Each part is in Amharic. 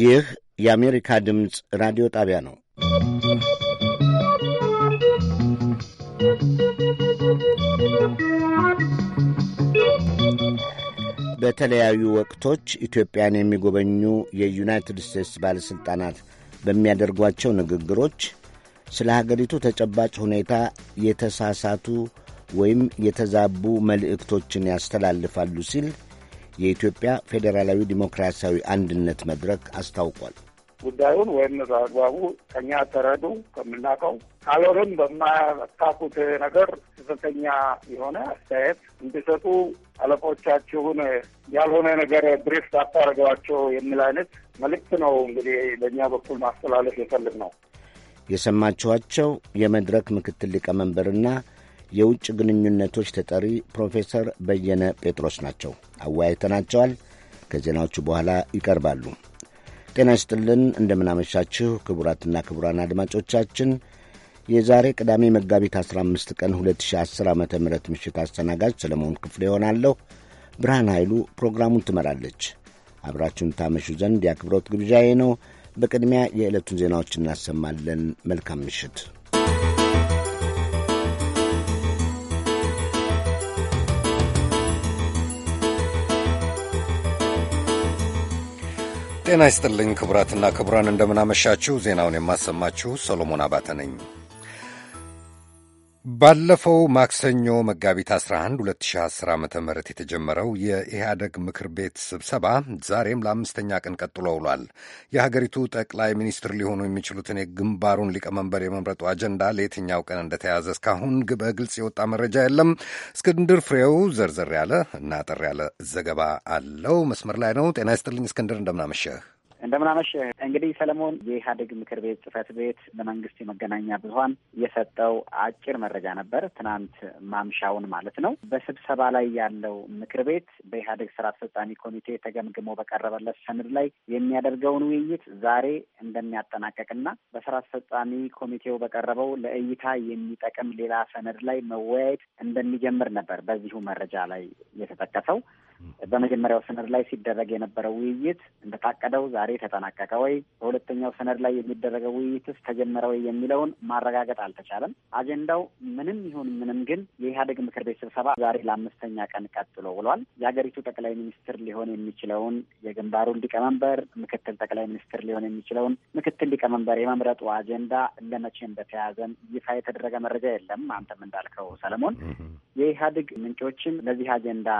ይህ የአሜሪካ ድምፅ ራዲዮ ጣቢያ ነው። በተለያዩ ወቅቶች ኢትዮጵያን የሚጎበኙ የዩናይትድ ስቴትስ ባለሥልጣናት በሚያደርጓቸው ንግግሮች ስለ ሀገሪቱ ተጨባጭ ሁኔታ የተሳሳቱ ወይም የተዛቡ መልእክቶችን ያስተላልፋሉ ሲል የኢትዮጵያ ፌዴራላዊ ዲሞክራሲያዊ አንድነት መድረክ አስታውቋል። ጉዳዩን ወይም በአግባቡ ከኛ ተረዱ ከምናውቀው ካልሆነም በማታውቁት ነገር ስህተተኛ የሆነ አስተያየት እንዲሰጡ አለቆቻችሁን ያልሆነ ነገር ብሬፍ አታደርገዋቸው የሚል አይነት መልእክት ነው እንግዲህ በእኛ በኩል ማስተላለፍ የፈልግ ነው። የሰማችኋቸው የመድረክ ምክትል ሊቀመንበርና የውጭ ግንኙነቶች ተጠሪ ፕሮፌሰር በየነ ጴጥሮስ ናቸው። አወያይተናቸዋል። ከዜናዎቹ በኋላ ይቀርባሉ። ጤና ይስጥልን፣ እንደምናመሻችሁ ክቡራትና ክቡራን አድማጮቻችን የዛሬ ቅዳሜ መጋቢት 15 ቀን 2010 ዓ ም ምሽት አስተናጋጅ ሰለሞን ክፍሌ ይሆናለሁ። ብርሃን ኃይሉ ፕሮግራሙን ትመራለች። አብራችሁን ታመሹ ዘንድ የአክብሮት ግብዣዬ ነው። በቅድሚያ የዕለቱን ዜናዎች እናሰማለን። መልካም ምሽት። ጤና ይስጥልኝ ክቡራትና ክቡራን፣ እንደምናመሻችሁ። ዜናውን የማሰማችሁ ሰሎሞን አባተ ነኝ። ባለፈው ማክሰኞ መጋቢት 11 2010 ዓ ም የተጀመረው የኢህአደግ ምክር ቤት ስብሰባ ዛሬም ለአምስተኛ ቀን ቀጥሎ ውሏል። የሀገሪቱ ጠቅላይ ሚኒስትር ሊሆኑ የሚችሉትን የግንባሩን ሊቀመንበር የመምረጡ አጀንዳ ለየትኛው ቀን እንደተያዘ እስካሁን በግልጽ የወጣ መረጃ የለም። እስክንድር ፍሬው ዘርዘር ያለ እና አጠር ያለ ዘገባ አለው። መስመር ላይ ነው። ጤና ይስጥልኝ እስክንድር፣ እንደምናመሸህ እንደምናመሽ እንግዲህ ሰለሞን፣ የኢህአዴግ ምክር ቤት ጽህፈት ቤት ለመንግስት የመገናኛ ብዙሀን የሰጠው አጭር መረጃ ነበር፣ ትናንት ማምሻውን ማለት ነው። በስብሰባ ላይ ያለው ምክር ቤት በኢህአዴግ ስራ አስፈጻሚ ኮሚቴ ተገምግሞ በቀረበለት ሰነድ ላይ የሚያደርገውን ውይይት ዛሬ እንደሚያጠናቀቅና በስራ አስፈጻሚ ኮሚቴው በቀረበው ለእይታ የሚጠቅም ሌላ ሰነድ ላይ መወያየት እንደሚጀምር ነበር በዚሁ መረጃ ላይ የተጠቀሰው። በመጀመሪያው ሰነድ ላይ ሲደረግ የነበረው ውይይት እንደታቀደው ዛሬ ተጠናቀቀ ወይ፣ በሁለተኛው ሰነድ ላይ የሚደረገው ውይይትስ ተጀመረ ወይ የሚለውን ማረጋገጥ አልተቻለም። አጀንዳው ምንም ይሁን ምንም ግን የኢህአዴግ ምክር ቤት ስብሰባ ዛሬ ለአምስተኛ ቀን ቀጥሎ ውሏል። የሀገሪቱ ጠቅላይ ሚኒስትር ሊሆን የሚችለውን የግንባሩን ሊቀመንበር፣ ምክትል ጠቅላይ ሚኒስትር ሊሆን የሚችለውን ምክትል ሊቀመንበር የመምረጡ አጀንዳ ለመቼ እንደተያዘም ይፋ የተደረገ መረጃ የለም። አንተም እንዳልከው ሰለሞን፣ የኢህአዴግ ምንጮችም ለዚህ አጀንዳ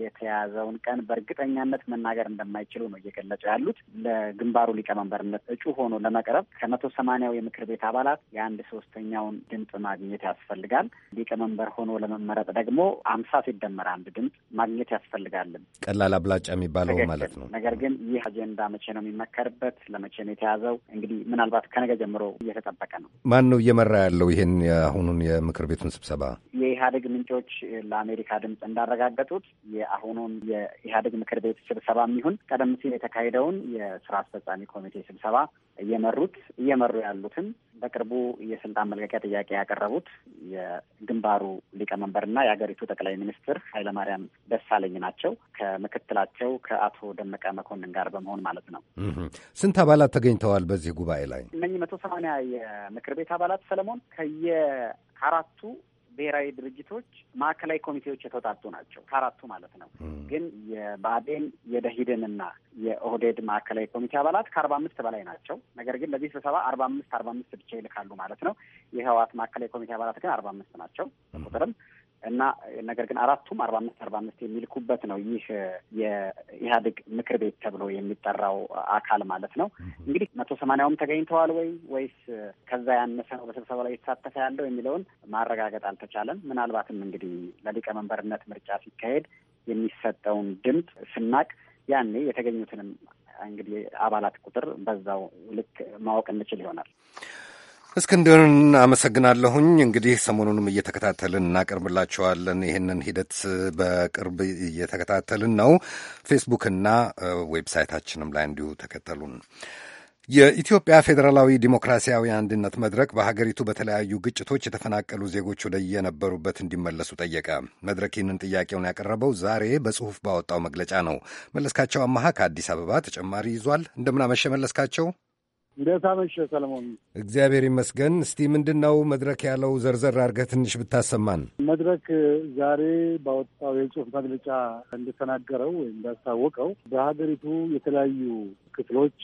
የተያ የተያዘውን ቀን በእርግጠኛነት መናገር እንደማይችሉ ነው እየገለጹ ያሉት። ለግንባሩ ሊቀመንበርነት እጩ ሆኖ ለመቅረብ ከመቶ ሰማንያው የምክር ቤት አባላት የአንድ ሶስተኛውን ድምፅ ማግኘት ያስፈልጋል። ሊቀመንበር ሆኖ ለመመረጥ ደግሞ አምሳ ሲደመር አንድ ድምፅ ማግኘት ያስፈልጋልን። ቀላል አብላጫ የሚባለው ማለት ነው። ነገር ግን ይህ አጀንዳ መቼ ነው የሚመከርበት? ለመቼ ነው የተያዘው? እንግዲህ ምናልባት ከነገ ጀምሮ እየተጠበቀ ነው። ማን ነው እየመራ ያለው ይህን የአሁኑን የምክር ቤቱን ስብሰባ? የኢህአዴግ ምንጮች ለአሜሪካ ድምፅ እንዳረጋገጡት የአሁኑን ያለፈውን የኢህአዴግ ምክር ቤት ስብሰባ የሚሆን ቀደም ሲል የተካሄደውን የስራ አስፈጻሚ ኮሚቴ ስብሰባ እየመሩት እየመሩ ያሉትን በቅርቡ የስልጣን መልቀቂያ ጥያቄ ያቀረቡት የግንባሩ ሊቀመንበርና የሀገሪቱ ጠቅላይ ሚኒስትር ኃይለማርያም ደሳለኝ ናቸው። ከምክትላቸው ከአቶ ደመቀ መኮንን ጋር በመሆን ማለት ነው። ስንት አባላት ተገኝተዋል በዚህ ጉባኤ ላይ? እነኚህ መቶ ሰማንያ የምክር ቤት አባላት ሰለሞን ከየ አራቱ ብሔራዊ ድርጅቶች ማዕከላዊ ኮሚቴዎች የተውጣጡ ናቸው፣ ከአራቱ ማለት ነው። ግን የብአዴን የደሂድንና የኦህዴድ ማዕከላዊ ኮሚቴ አባላት ከአርባ አምስት በላይ ናቸው። ነገር ግን ለዚህ ስብሰባ አርባ አምስት አርባ አምስት ብቻ ይልካሉ ማለት ነው። የህወሓት ማዕከላዊ ኮሚቴ አባላት ግን አርባ አምስት ናቸው በቁጥርም እና ነገር ግን አራቱም አርባ አምስት አርባ አምስት የሚልኩበት ነው። ይህ የኢህአዴግ ምክር ቤት ተብሎ የሚጠራው አካል ማለት ነው። እንግዲህ መቶ ሰማንያውም ተገኝተዋል ወይ ወይስ ከዛ ያነሰ ነው በስብሰባ ላይ የተሳተፈ ያለው የሚለውን ማረጋገጥ አልተቻለም። ምናልባትም እንግዲህ ለሊቀመንበርነት ምርጫ ሲካሄድ የሚሰጠውን ድምፅ ስናቅ ያኔ የተገኙትንም እንግዲህ አባላት ቁጥር በዛው ልክ ማወቅ እንችል ይሆናል። እስክንድርን አመሰግናለሁኝ። እንግዲህ ሰሞኑንም እየተከታተልን እናቀርብላችኋለን። ይህንን ሂደት በቅርብ እየተከታተልን ነው። ፌስቡክና ዌብሳይታችንም ላይ እንዲሁ ተከተሉን። የኢትዮጵያ ፌዴራላዊ ዲሞክራሲያዊ አንድነት መድረክ በሀገሪቱ በተለያዩ ግጭቶች የተፈናቀሉ ዜጎች ወደየነበሩበት እንዲመለሱ ጠየቀ። መድረክ ይህንን ጥያቄውን ያቀረበው ዛሬ በጽሁፍ ባወጣው መግለጫ ነው። መለስካቸው አማሃ ከአዲስ አበባ ተጨማሪ ይዟል። እንደምናመሸ መለስካቸው እንዴት አመሸ ሰለሞን? እግዚአብሔር ይመስገን። እስቲ ምንድን ነው መድረክ ያለው ዘርዘር አድርገህ ትንሽ ብታሰማን። መድረክ ዛሬ ባወጣው የጽሁፍ መግለጫ እንደተናገረው ወይም እንዳስታወቀው በሀገሪቱ የተለያዩ ክፍሎች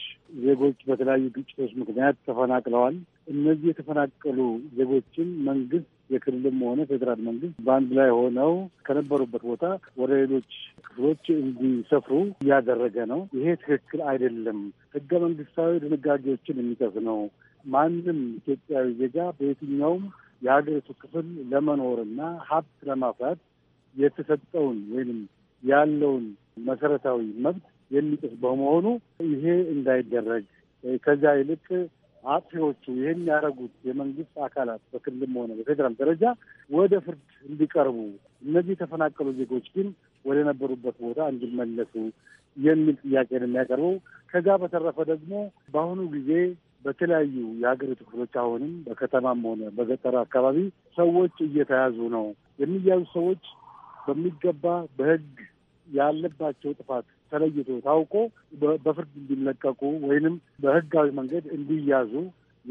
ዜጎች በተለያዩ ግጭቶች ምክንያት ተፈናቅለዋል። እነዚህ የተፈናቀሉ ዜጎችን መንግስት የክልልም ሆነ ፌዴራል መንግስት በአንድ ላይ ሆነው ከነበሩበት ቦታ ወደ ሌሎች ክፍሎች እንዲሰፍሩ እያደረገ ነው። ይሄ ትክክል አይደለም፣ ህገ መንግስታዊ ድንጋጌዎችን የሚጠፍ ነው። ማንም ኢትዮጵያዊ ዜጋ በየትኛውም የሀገሪቱ ክፍል ለመኖርና ሀብት ለማፍራት የተሰጠውን ወይም ያለውን መሰረታዊ መብት የሚጥስ በመሆኑ ይሄ እንዳይደረግ ከዚያ ይልቅ አጥፊዎቹ ይህን ያደረጉት የመንግስት አካላት በክልልም ሆነ በፌዴራል ደረጃ ወደ ፍርድ እንዲቀርቡ፣ እነዚህ የተፈናቀሉ ዜጎች ግን ወደ ነበሩበት ቦታ እንዲመለሱ የሚል ጥያቄ የሚያቀርበው። ከዛ በተረፈ ደግሞ በአሁኑ ጊዜ በተለያዩ የሀገሪቱ ክፍሎች አሁንም በከተማም ሆነ በገጠር አካባቢ ሰዎች እየተያዙ ነው። የሚያዙ ሰዎች በሚገባ በህግ ያለባቸው ጥፋት ተለይቶ ታውቆ በፍርድ እንዲለቀቁ ወይንም በህጋዊ መንገድ እንዲያዙ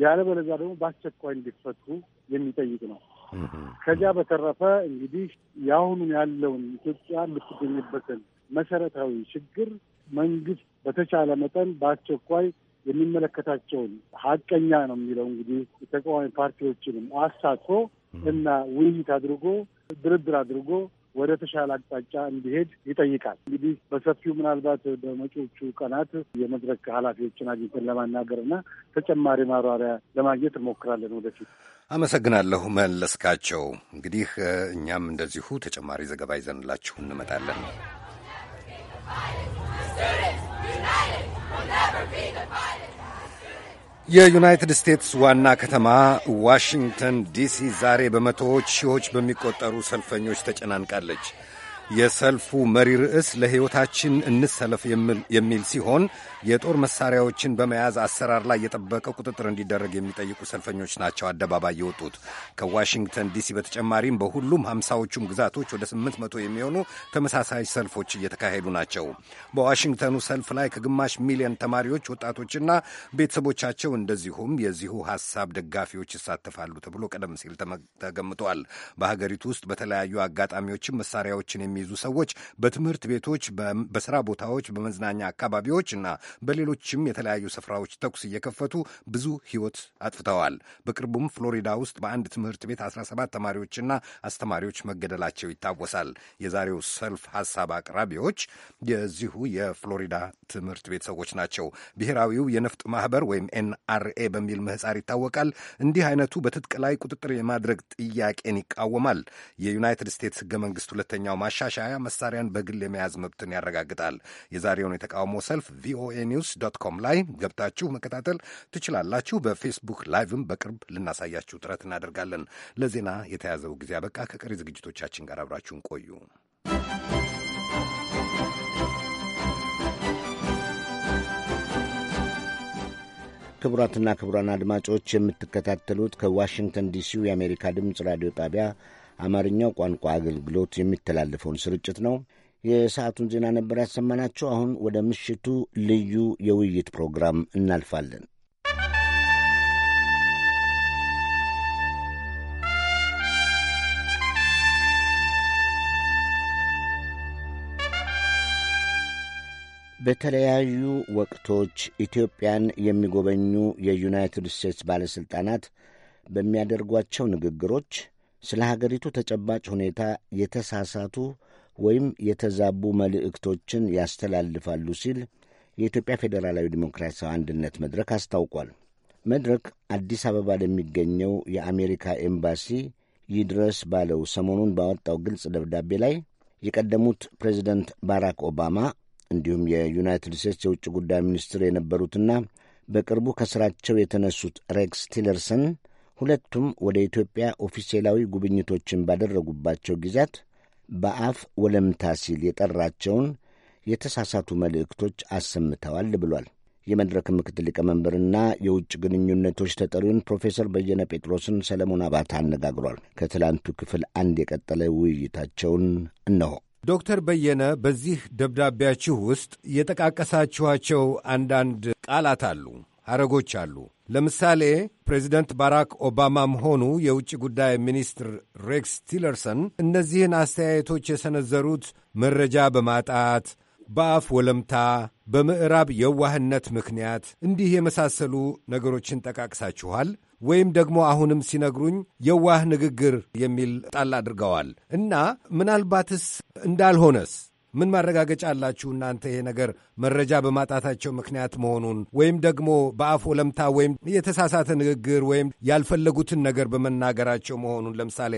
ያለበለዚያ ደግሞ በአስቸኳይ እንዲፈቱ የሚጠይቅ ነው። ከዚያ በተረፈ እንግዲህ የአሁኑን ያለውን ኢትዮጵያ የምትገኝበትን መሰረታዊ ችግር መንግስት በተቻለ መጠን በአስቸኳይ የሚመለከታቸውን ሀቀኛ ነው የሚለው እንግዲህ የተቃዋሚ ፓርቲዎችንም አሳትፎ እና ውይይት አድርጎ ድርድር አድርጎ ወደ ተሻለ አቅጣጫ እንዲሄድ ይጠይቃል። እንግዲህ በሰፊው ምናልባት በመጪዎቹ ቀናት የመድረክ ኃላፊዎችን አግኝተን ለማናገር ተጨማሪ ማብራሪያ ለማግኘት እንሞክራለን ወደፊት። አመሰግናለሁ መለስካቸው። እንግዲህ እኛም እንደዚሁ ተጨማሪ ዘገባ ይዘንላችሁ እንመጣለን። የዩናይትድ ስቴትስ ዋና ከተማ ዋሽንግተን ዲሲ ዛሬ በመቶዎች ሺዎች በሚቆጠሩ ሰልፈኞች ተጨናንቃለች። የሰልፉ መሪ ርዕስ ለሕይወታችን እንሰለፍ የሚል ሲሆን የጦር መሳሪያዎችን በመያዝ አሰራር ላይ የጠበቀ ቁጥጥር እንዲደረግ የሚጠይቁ ሰልፈኞች ናቸው አደባባይ የወጡት። ከዋሽንግተን ዲሲ በተጨማሪም በሁሉም ሀምሳዎቹም ግዛቶች ወደ ስምንት መቶ የሚሆኑ ተመሳሳይ ሰልፎች እየተካሄዱ ናቸው። በዋሽንግተኑ ሰልፍ ላይ ከግማሽ ሚሊዮን ተማሪዎች፣ ወጣቶችና ቤተሰቦቻቸው እንደዚሁም የዚሁ ሐሳብ ደጋፊዎች ይሳተፋሉ ተብሎ ቀደም ሲል ተገምቷል። በሀገሪቱ ውስጥ በተለያዩ አጋጣሚዎችም መሳሪያዎችን የሚ የሚይዙ ሰዎች በትምህርት ቤቶች፣ በስራ ቦታዎች፣ በመዝናኛ አካባቢዎች እና በሌሎችም የተለያዩ ስፍራዎች ተኩስ እየከፈቱ ብዙ ሕይወት አጥፍተዋል። በቅርቡም ፍሎሪዳ ውስጥ በአንድ ትምህርት ቤት 17 ተማሪዎችና አስተማሪዎች መገደላቸው ይታወሳል። የዛሬው ሰልፍ ሀሳብ አቅራቢዎች የዚሁ የፍሎሪዳ ትምህርት ቤት ሰዎች ናቸው። ብሔራዊው የነፍጥ ማህበር ወይም ኤንአርኤ በሚል ምህጻር ይታወቃል። እንዲህ አይነቱ በትጥቅ ላይ ቁጥጥር የማድረግ ጥያቄን ይቃወማል። የዩናይትድ ስቴትስ ህገ መንግስት ሁለተኛው ማሻ ማሻሻያ መሳሪያን በግል የመያዝ መብትን ያረጋግጣል። የዛሬውን የተቃውሞ ሰልፍ ቪኦኤ ኒውስ ዶት ኮም ላይ ገብታችሁ መከታተል ትችላላችሁ። በፌስቡክ ላይቭም በቅርብ ልናሳያችሁ ጥረት እናደርጋለን። ለዜና የተያዘው ጊዜ አበቃ። ከቀሪ ዝግጅቶቻችን ጋር አብራችሁን ቆዩ። ክቡራትና ክቡራን አድማጮች የምትከታተሉት ከዋሽንግተን ዲሲው የአሜሪካ ድምፅ ራዲዮ ጣቢያ አማርኛው ቋንቋ አገልግሎት የሚተላለፈውን ስርጭት ነው። የሰዓቱን ዜና ነበር ያሰማናቸው። አሁን ወደ ምሽቱ ልዩ የውይይት ፕሮግራም እናልፋለን። በተለያዩ ወቅቶች ኢትዮጵያን የሚጎበኙ የዩናይትድ ስቴትስ ባለሥልጣናት በሚያደርጓቸው ንግግሮች ስለ ሀገሪቱ ተጨባጭ ሁኔታ የተሳሳቱ ወይም የተዛቡ መልእክቶችን ያስተላልፋሉ ሲል የኢትዮጵያ ፌዴራላዊ ዲሞክራሲያዊ አንድነት መድረክ አስታውቋል። መድረክ አዲስ አበባ ለሚገኘው የአሜሪካ ኤምባሲ ይድረስ ባለው ሰሞኑን ባወጣው ግልጽ ደብዳቤ ላይ የቀደሙት ፕሬዚደንት ባራክ ኦባማ እንዲሁም የዩናይትድ ስቴትስ የውጭ ጉዳይ ሚኒስትር የነበሩትና በቅርቡ ከስራቸው የተነሱት ሬክስ ቲለርሰን ሁለቱም ወደ ኢትዮጵያ ኦፊሴላዊ ጉብኝቶችን ባደረጉባቸው ጊዜያት በአፍ ወለምታ ሲል የጠራቸውን የተሳሳቱ መልእክቶች አሰምተዋል ብሏል። የመድረክ ምክትል ሊቀመንበርና የውጭ ግንኙነቶች ተጠሪውን ፕሮፌሰር በየነ ጴጥሮስን ሰለሞን አባተ አነጋግሯል። ከትላንቱ ክፍል አንድ የቀጠለ ውይይታቸውን እነሆ። ዶክተር በየነ በዚህ ደብዳቤያችሁ ውስጥ የጠቃቀሳችኋቸው አንዳንድ ቃላት አሉ፣ ሐረጎች አሉ ለምሳሌ ፕሬዚደንት ባራክ ኦባማም ሆኑ የውጭ ጉዳይ ሚኒስትር ሬክስ ቲለርሰን እነዚህን አስተያየቶች የሰነዘሩት መረጃ በማጣት በአፍ ወለምታ፣ በምዕራብ የዋህነት ምክንያት እንዲህ የመሳሰሉ ነገሮችን ጠቃቅሳችኋል። ወይም ደግሞ አሁንም ሲነግሩኝ የዋህ ንግግር የሚል ጣል አድርገዋል እና ምናልባትስ እንዳልሆነስ ምን ማረጋገጫ አላችሁ እናንተ ይሄ ነገር መረጃ በማጣታቸው ምክንያት መሆኑን ወይም ደግሞ በአፍ ወለምታ ወይም የተሳሳተ ንግግር ወይም ያልፈለጉትን ነገር በመናገራቸው መሆኑን ለምሳሌ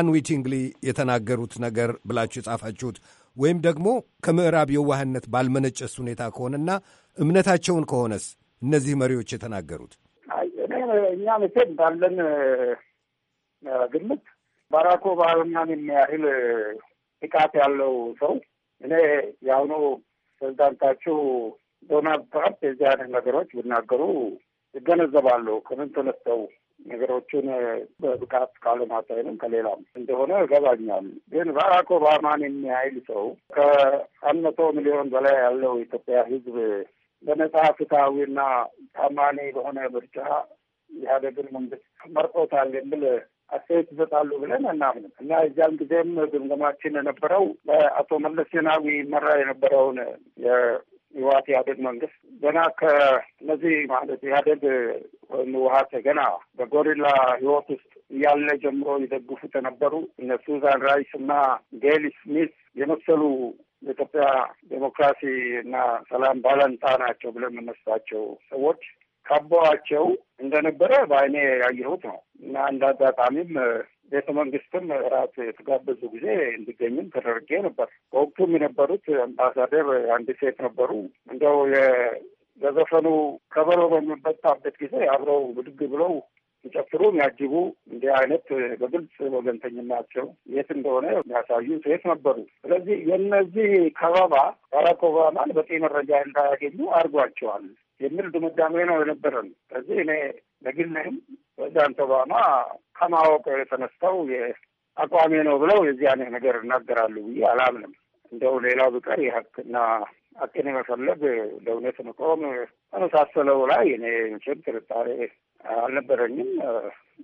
አንዊቲንግሊ የተናገሩት ነገር ብላችሁ የጻፋችሁት ወይም ደግሞ ከምዕራብ የዋህነት ባልመነጨስ ሁኔታ ከሆነና እምነታቸውን ከሆነስ እነዚህ መሪዎች የተናገሩት እኛ መቼም ባለን ግምት ባራክ ኦባማን የሚያህል ጥቃት ያለው ሰው እኔ የአሁኑ ፕሬዚዳንታችሁ ዶናልድ ትራምፕ የዚህ አይነት ነገሮች ቢናገሩ ይገነዘባሉ። ከምን ተነስተው ነገሮችን በብቃት ካለማሳይንም ከሌላም እንደሆነ ገባኛል። ግን ባራክ ኦባማን የሚያይል ሰው ከአንድ መቶ ሚሊዮን በላይ ያለው የኢትዮጵያ ሕዝብ በነጻ ፍትሐዊና ታማኒ በሆነ ምርጫ ኢህአዴግን መንግስት መርጦታል የሚል አስተያየት ይሰጣሉ ብለን እናምንም እና እዚያን ጊዜም ግምገማችን የነበረው በአቶ መለስ ዜናዊ መራ የነበረውን የህወሓት ኢህአዴግ መንግስት ገና ከነዚህ ማለት ኢህአዴግ ወይም ህወሓት ገና በጎሪላ ህይወት ውስጥ እያለ ጀምሮ ይደግፉት የነበሩ እነ ሱዛን ራይስ እና ጌል ስሚት የመሰሉ የኢትዮጵያ ዴሞክራሲ እና ሰላም ባለንጣ ናቸው ብለን የምነሳቸው ሰዎች ከበዋቸው እንደነበረ በአይኔ ያየሁት ነው እና እንደ አጋጣሚም ቤተ መንግስትም እራት የተጋበዙ ጊዜ እንዲገኝም ተደርጌ ነበር። በወቅቱም የነበሩት አምባሳደር አንድ ሴት ነበሩ። እንደው ለዘፈኑ ከበሮ በሚመታበት ጊዜ አብረው ብድግ ብለው ሲጨፍሩ የሚያጅቡ እንዲህ አይነት በግልጽ ወገንተኝናቸው የት እንደሆነ የሚያሳዩ ሴት ነበሩ። ስለዚህ የእነዚህ ከበባ ባራክ ኦባማን በቂ መረጃ እንዳያገኙ አድርጓቸዋል። የሚል ድምዳሜ ነው የነበረን። ስለዚህ እኔ ለግሌም ፕሬዚዳንት ኦባማ ከማወቅ የተነሳው አቋሜ ነው ብለው የዚህ አይነት ነገር እናገራሉ ብዬ አላምንም። እንደው ሌላው ቢቀር የሀቅና ሀቅን የመፈለግ ለእውነት መቆም ተመሳሰለው ላይ እኔ ምችል ጥርጣሬ አልነበረኝም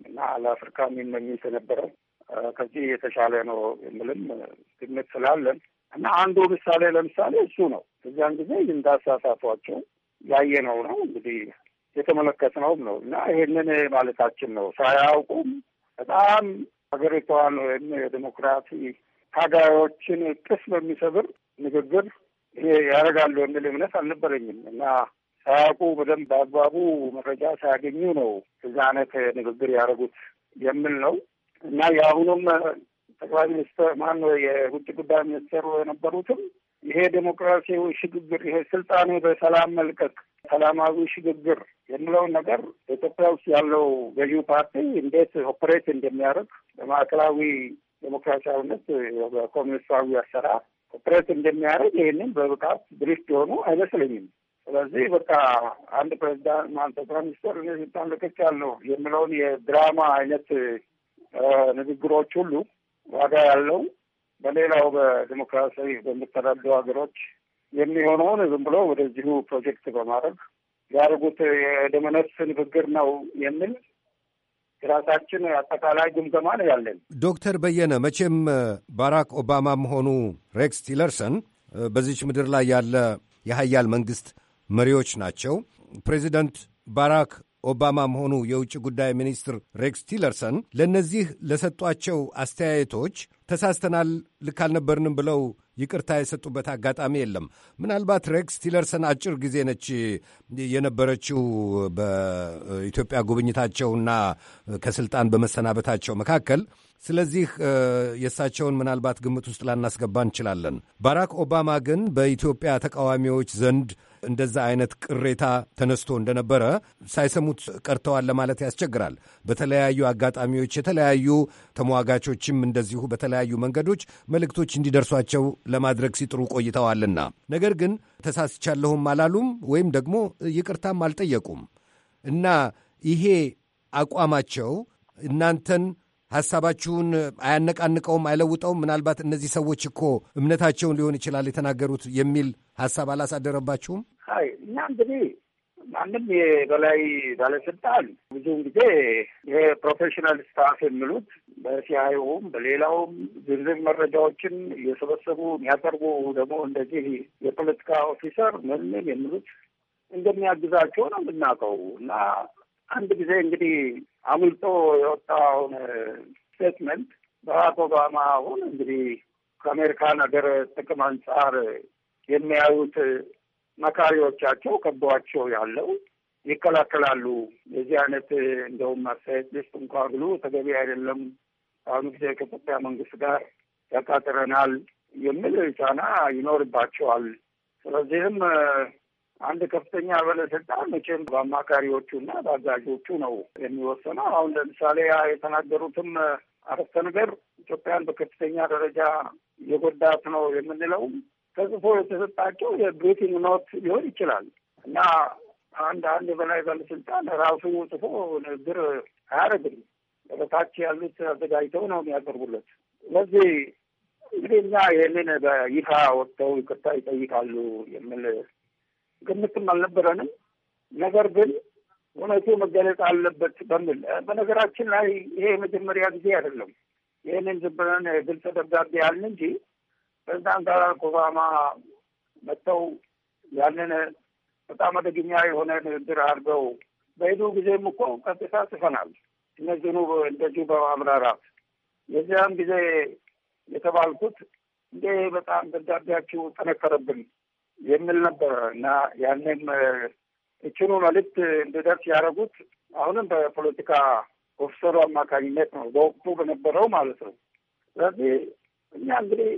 እና ለአፍሪካ የሚመኝ የነበረው ከዚህ የተሻለ ነው የምልም ግምት ስላለን እና አንዱ ምሳሌ ለምሳሌ እሱ ነው። እዚያን ጊዜ እንዳሳሳቷቸው ያየነው ነው እንግዲህ የተመለከትነውም ነው እና ይሄንን ማለታችን ነው። ሳያውቁም በጣም ሀገሪቷን ወይም የዲሞክራሲ ታጋዮችን ቅስ በሚሰብር ንግግር ይሄ ያደርጋሉ የሚል እምነት አልነበረኝም እና ሳያውቁ በደንብ በአግባቡ መረጃ ሳያገኙ ነው እዚ አይነት ንግግር ያደረጉት የሚል ነው እና የአሁኑም ጠቅላይ ሚኒስትር ማን የውጭ ጉዳይ ሚኒስትሩ የነበሩትም ይሄ ዴሞክራሲያዊ ሽግግር፣ ይሄ ስልጣኔ በሰላም መልቀቅ፣ ሰላማዊ ሽግግር የምለውን ነገር ኢትዮጵያ ውስጥ ያለው ገዢው ፓርቲ እንዴት ኦፕሬት እንደሚያደርግ በማዕከላዊ ዴሞክራሲያዊነት በኮሚኒስታዊ አሰራር ኦፕሬት እንደሚያደርግ ይህንን በብቃት ብሪፍ የሆኑ አይመስለኝም። ስለዚህ በቃ አንድ ፕሬዚዳንት ማን ጠቅላይ ሚኒስትር ስልጣን ያለው የምለውን የድራማ አይነት ንግግሮች ሁሉ ዋጋ ያለው በሌላው በዲሞክራሲያዊ በሚተዳደሩ ሀገሮች የሚሆነውን ዝም ብሎ ወደዚሁ ፕሮጀክት በማድረግ ያደርጉት የደመነፍስ ንግግር ነው የሚል የራሳችን አጠቃላይ ግምገማ ነው ያለን። ዶክተር በየነ መቼም ባራክ ኦባማም ሆኑ ሬክስ ቲለርሰን በዚች ምድር ላይ ያለ የሀያል መንግስት መሪዎች ናቸው። ፕሬዚደንት ባራክ ኦባማም ሆኑ የውጭ ጉዳይ ሚኒስትር ሬክስ ቲለርሰን ለእነዚህ ለሰጧቸው አስተያየቶች ተሳስተናል፣ ልክ አልነበርንም ብለው ይቅርታ የሰጡበት አጋጣሚ የለም። ምናልባት ሬክስ ቲለርሰን አጭር ጊዜ ነች የነበረችው በኢትዮጵያ ጉብኝታቸውና ከስልጣን በመሰናበታቸው መካከል። ስለዚህ የእሳቸውን ምናልባት ግምት ውስጥ ላናስገባ እንችላለን። ባራክ ኦባማ ግን በኢትዮጵያ ተቃዋሚዎች ዘንድ እንደዛ አይነት ቅሬታ ተነስቶ እንደነበረ ሳይሰሙት ቀርተዋል ለማለት ያስቸግራል። በተለያዩ አጋጣሚዎች የተለያዩ ተሟጋቾችም እንደዚሁ በተለያዩ መንገዶች መልእክቶች እንዲደርሷቸው ለማድረግ ሲጥሩ ቆይተዋልና ነገር ግን ተሳስቻለሁም አላሉም ወይም ደግሞ ይቅርታም አልጠየቁም እና ይሄ አቋማቸው እናንተን ሀሳባችሁን አያነቃንቀውም፣ አይለውጠውም። ምናልባት እነዚህ ሰዎች እኮ እምነታቸውን ሊሆን ይችላል የተናገሩት የሚል ሀሳብ አላሳደረባችሁም? አይ እኛ እንግዲህ ማንም የበላይ ባለስልጣን ብዙውን ጊዜ የፕሮፌሽናል ስታፍ የሚሉት በሲአይኤውም በሌላውም ዝርዝር መረጃዎችን እየሰበሰቡ የሚያቀርቡ ደግሞ እንደዚህ የፖለቲካ ኦፊሰር ምንም የሚሉት እንደሚያግዛቸው ነው የምናውቀው እና አንድ ጊዜ እንግዲህ አምልጦ የወጣውን ስቴትመንት ባራክ ኦባማ አሁን እንግዲህ ከአሜሪካን ሀገር ጥቅም አንጻር የሚያዩት መካሪዎቻቸው ከቧቸው ያለው ይከላከላሉ። የዚህ አይነት እንደውም አስተያየት ልስጥ እንኳ ብሎ ተገቢ አይደለም፣ አሁኑ ጊዜ ከኢትዮጵያ መንግስት ጋር ያቃጥረናል የሚል ጫና ይኖርባቸዋል። ስለዚህም አንድ ከፍተኛ ባለስልጣን መቼም በአማካሪዎቹና በአዛዦቹ ነው የሚወሰነው። አሁን ለምሳሌ የተናገሩትም አረፍተ ነገር ኢትዮጵያን በከፍተኛ ደረጃ የጎዳት ነው የምንለውም ተጽፎ የተሰጣቸው የብሪቲንግ ኖት ሊሆን ይችላል እና አንድ አንድ የበላይ ባለስልጣን ራሱ ጽፎ ንግግር አያደርግም። በበታች ያሉት አዘጋጅተው ነው የሚያቀርቡለት። ስለዚህ እንግዲህ እኛ ይህንን በይፋ ወጥተው ይቅርታ ይጠይቃሉ የሚል ግምትም አልነበረንም። ነገር ግን እውነቱ መገለጽ አለበት በሚል በነገራችን ላይ ይሄ የመጀመሪያ ጊዜ አይደለም። ይህንን ዝም ብለን ግልጽ ደብዳቤ ያልን እንጂ ፕሬዚዳንት ባራክ ኦባማ መጥተው ያንን በጣም አደገኛ የሆነ ንግግር አድርገው በሄዱ ጊዜም እኮ ቀጥታ ጽፈናል። እነዚህኑ እንደዚሁ በማብራራት የዚያም ጊዜ የተባልኩት እንዴ በጣም ደብዳቤያችሁ ጠነከረብን የሚል ነበረ እና ያንም እችኑ መልዕክት እንድደርስ ያደረጉት አሁንም በፖለቲካ ኦፊሰሩ አማካኝነት ነው፣ በወቅቱ በነበረው ማለት ነው። ስለዚህ እኛ እንግዲህ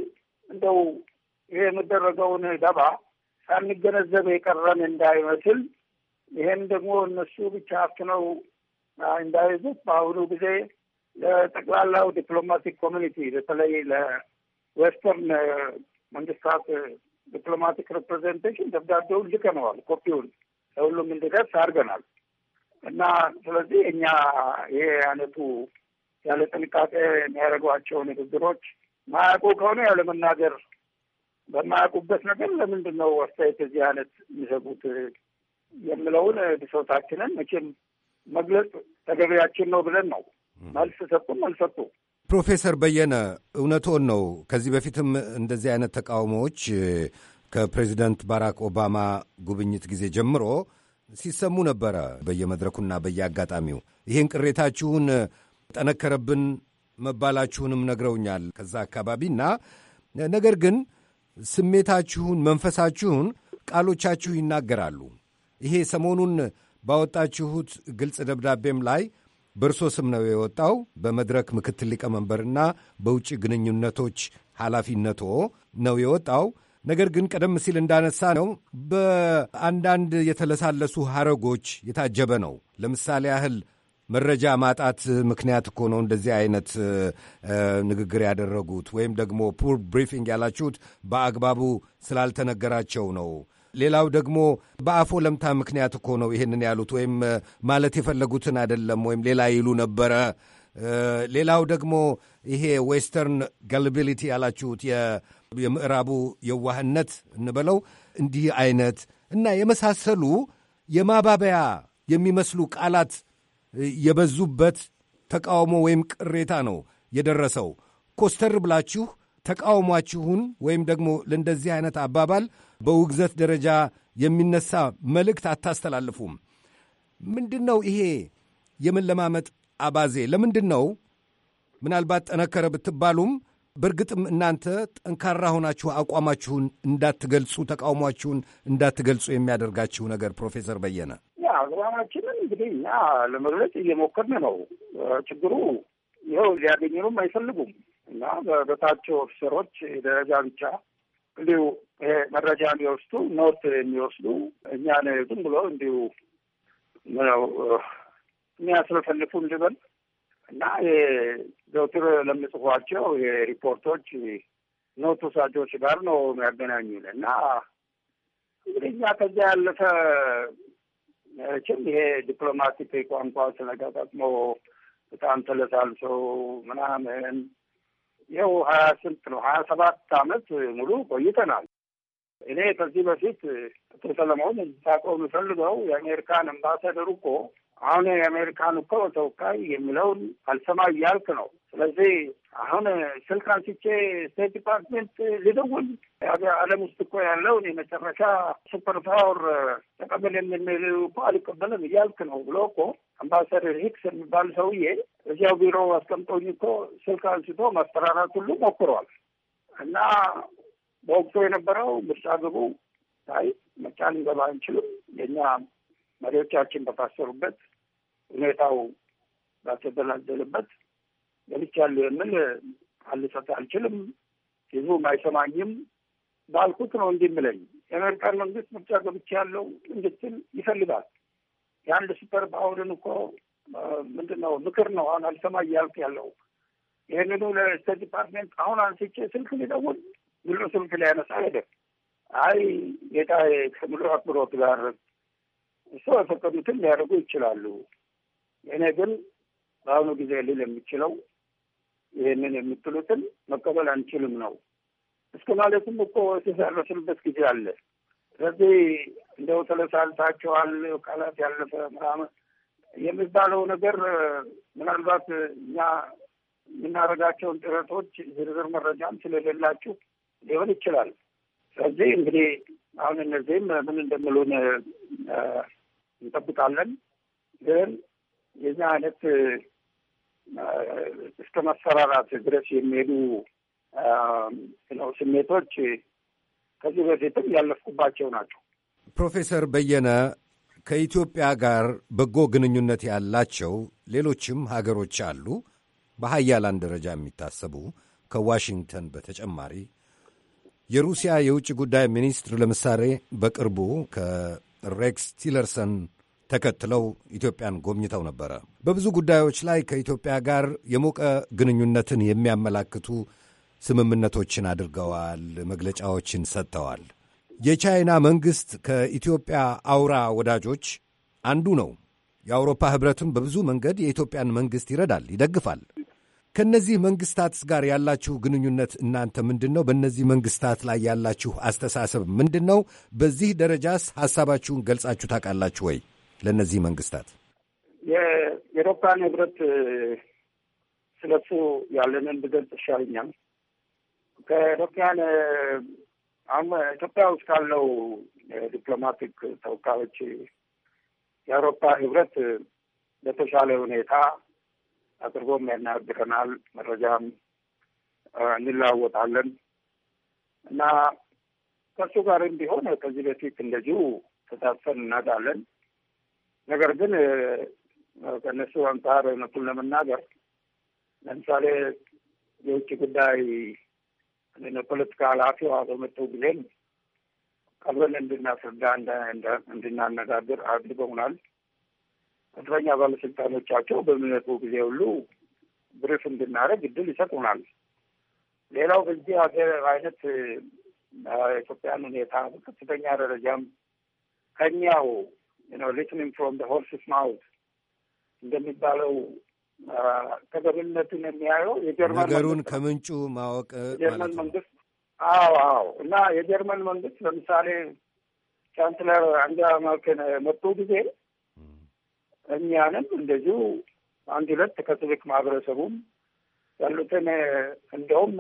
እንደው ይሄ የሚደረገውን ደባ ሳንገነዘብ የቀረን እንዳይመስል ይሄን ደግሞ እነሱ ብቻ አፍነው እንዳይዙት በአሁኑ ጊዜ ለጠቅላላው ዲፕሎማቲክ ኮሚኒቲ በተለይ ለዌስተርን መንግስታት ዲፕሎማቲክ ሪፕሬዘንቴሽን ደብዳቤውን ልከነዋል። ኮፒውን ለሁሉም እንዲደርስ አድርገናል እና ስለዚህ እኛ ይሄ አይነቱ ያለ ጥንቃቄ የሚያደርጓቸው ንግግሮች ማያውቁ ከሆነ ያለ መናገር በማያውቁበት ነገር ለምንድን ነው አስተያየት እዚህ አይነት የሚሰጡት የምለውን ብሶታችንን መቼም መግለጽ ተገቢያችን ነው ብለን ነው መልስ ሰጡ መልሰጡ ፕሮፌሰር በየነ እውነቶን ነው። ከዚህ በፊትም እንደዚህ አይነት ተቃውሞዎች ከፕሬዚደንት ባራክ ኦባማ ጉብኝት ጊዜ ጀምሮ ሲሰሙ ነበረ በየመድረኩና በየአጋጣሚው። ይህን ቅሬታችሁን ጠነከረብን መባላችሁንም ነግረውኛል ከዛ አካባቢ እና ነገር ግን ስሜታችሁን፣ መንፈሳችሁን ቃሎቻችሁ ይናገራሉ። ይሄ ሰሞኑን ባወጣችሁት ግልጽ ደብዳቤም ላይ በእርሶ ስም ነው የወጣው። በመድረክ ምክትል ሊቀመንበርና በውጭ ግንኙነቶች ኃላፊነቶ ነው የወጣው። ነገር ግን ቀደም ሲል እንዳነሳ ነው በአንዳንድ የተለሳለሱ ሐረጎች የታጀበ ነው። ለምሳሌ ያህል መረጃ ማጣት ምክንያት እኮ ነው እንደዚህ አይነት ንግግር ያደረጉት፣ ወይም ደግሞ ፑር ብሪፊንግ ያላችሁት በአግባቡ ስላልተነገራቸው ነው ሌላው ደግሞ በአፎ ለምታ ምክንያት እኮ ነው ይሄንን ያሉት፣ ወይም ማለት የፈለጉትን አይደለም፣ ወይም ሌላ ይሉ ነበረ። ሌላው ደግሞ ይሄ ዌስተርን ጋልቢሊቲ ያላችሁት የምዕራቡ የዋህነት እንበለው እንዲህ አይነት እና የመሳሰሉ የማባበያ የሚመስሉ ቃላት የበዙበት ተቃውሞ ወይም ቅሬታ ነው የደረሰው። ኮስተር ብላችሁ ተቃውሟችሁን ወይም ደግሞ ለእንደዚህ አይነት አባባል በውግዘት ደረጃ የሚነሳ መልእክት አታስተላልፉም። ምንድን ነው ይሄ የመለማመጥ አባዜ? ለምንድን ነው ምናልባት ጠነከረ ብትባሉም በእርግጥም እናንተ ጠንካራ ሆናችሁ አቋማችሁን እንዳትገልጹ፣ ተቃውሟችሁን እንዳትገልጹ የሚያደርጋችሁ ነገር? ፕሮፌሰር በየነ አቋማችንን እንግዲህ እኛ ለመግለጽ እየሞከርን ነው። ችግሩ ይኸው ሊያገኙንም አይፈልጉም እና በበታቸው ኦፊሰሮች ደረጃ ብቻ እንዲሁ ይሄ መረጃ የሚወስዱ ኖት የሚወስዱ እኛን ዝም ብሎ እንዲሁ ነው የሚያስለፈልፉን ልበል እና ዘውትር ለሚጽፏቸው የሪፖርቶች ኖት ውሳጆች ጋር ነው የሚያገናኙን እና እንግዲህ እኛ ከዚያ ያለፈ ችም ይሄ ዲፕሎማቲክ ቋንቋ ስለተጠቅሞ በጣም ተለሳልሶ ምናምን ይኸው ሀያ ስንት ነው ሀያ ሰባት አመት ሙሉ ቆይተናል። እኔ ከዚህ በፊት አቶ ሰለሞን ሳቆ የምፈልገው የአሜሪካን አምባሳደር እኮ አሁን የአሜሪካን እኮ ተወካይ የሚለውን አልሰማ እያልክ ነው። ስለዚህ አሁን ስልክ አንስቼ ስቴት ዲፓርትመንት ልደውል ዓለም ውስጥ እኮ ያለውን የመጨረሻ ሱፐር ፓወር ተቀበል የምንል እኮ አልቀበልም እያልክ ነው ብሎ እኮ አምባሳደር ሂክስ የሚባል ሰውዬ እዚያው ቢሮ አስቀምጦኝ እኮ ስልክ አንስቶ ማስፈራራት ሁሉ ሞክሯል። እና በወቅቱ የነበረው ምርጫ ግቡ ታይ ምርጫ ልንገባ አንችልም፣ የእኛ መሪዎቻችን በታሰሩበት ሁኔታው ባልተደላደልበት ገብቻለሁ የምል አልሰጥ አልችልም። ህዝቡ አይሰማኝም ባልኩት ነው እንዲህ የምለኝ። የአሜሪካን መንግስት ምርጫ ገብቻለሁ እንድትል ይፈልጋል። የአንድ ሱፐር ፓወርን እኮ ምንድን ነው ምክር ነው አሁን አልሰማ እያልክ ያለው። ይህንኑ ለስቴት ዲፓርትሜንት አሁን አንስቼ ስልክ ሊደውል ብሎ ስልክ ሊያነሳ ያነሳ ሄደ። አይ ጌታ ከምሎ አክብሮት ጋር እሱ የፈቀዱትን ሊያደርጉ ይችላሉ። እኔ ግን በአሁኑ ጊዜ ልል የምችለው ይሄንን የምትሉትን መቀበል አንችልም ነው እስከ ማለትም እኮ የተደረስንበት ጊዜ አለ። ስለዚህ እንደው ተለሳልታቸዋል ቃላት ያለፈ ምናምን የሚባለው ነገር ምናልባት እኛ የምናደርጋቸውን ጥረቶች ዝርዝር መረጃም ስለሌላችሁ ሊሆን ይችላል። ስለዚህ እንግዲህ አሁን እነዚህም ምን እንደምሉን እንጠብቃለን። ግን የዚህ አይነት እስከ መሰራራት ድረስ የሚሄዱ ነው ስሜቶች ከዚህ በፊትም ያለፍኩባቸው ናቸው። ፕሮፌሰር በየነ ከኢትዮጵያ ጋር በጎ ግንኙነት ያላቸው ሌሎችም ሀገሮች አሉ፣ በሀያላን ደረጃ የሚታሰቡ ከዋሽንግተን በተጨማሪ የሩሲያ የውጭ ጉዳይ ሚኒስትር ለምሳሌ በቅርቡ ከሬክስ ቲለርሰን ተከትለው ኢትዮጵያን ጎብኝተው ነበረ። በብዙ ጉዳዮች ላይ ከኢትዮጵያ ጋር የሞቀ ግንኙነትን የሚያመላክቱ ስምምነቶችን አድርገዋል፣ መግለጫዎችን ሰጥተዋል። የቻይና መንግሥት ከኢትዮጵያ አውራ ወዳጆች አንዱ ነው። የአውሮፓ ኅብረትም በብዙ መንገድ የኢትዮጵያን መንግሥት ይረዳል፣ ይደግፋል። ከእነዚህ መንግስታት ጋር ያላችሁ ግንኙነት እናንተ ምንድን ነው? በእነዚህ መንግስታት ላይ ያላችሁ አስተሳሰብ ምንድን ነው? በዚህ ደረጃስ ሐሳባችሁን ገልጻችሁ ታውቃላችሁ ወይ? ለእነዚህ መንግስታት? የአውሮፓውያን ህብረት ስለሱ ያለንን ብገልጽ ይሻለኛል። ከኢትዮጵያን አሁን ኢትዮጵያ ውስጥ ካለው ዲፕሎማቲክ ተወካዮች የአውሮፓ ህብረት በተሻለ ሁኔታ አቅርቦም ያናግረናል፣ መረጃም እንለዋወጣለን እና ከእሱ ጋርም ቢሆን ከዚህ በፊት እንደዚሁ ተሳትፈን እናዳለን። ነገር ግን ከእነሱ አንጻር እውነቱን ለመናገር ለምሳሌ የውጭ ጉዳይ ፖለቲካ ኃላፊዋ በመጡ ጊዜም ቀርበን እንድናስረዳ እንድናነጋግር አድርገውናል። ከፍተኛ ባለስልጣኖቻቸው በሚመጡ ጊዜ ሁሉ ብሪፍ እንድናደርግ እድል ይሰጡናል። ሌላው በዚህ ሀገር አይነት ኢትዮጵያን ሁኔታ በከፍተኛ ደረጃም ከኛው ሊስኒንግ ፍሮም ሆርስስ ማውት እንደሚባለው ተገቢነቱን የሚያየው የጀርመን ነገሩን ከምንጩ ማወቅ የጀርመን መንግስት። አዎ አዎ። እና የጀርመን መንግስት ለምሳሌ ቻንስለር አንገላ መጡ ጊዜ እኛንም እንደዚሁ አንድ ሁለት ማህበረሰቡም ያሉትን እንደውም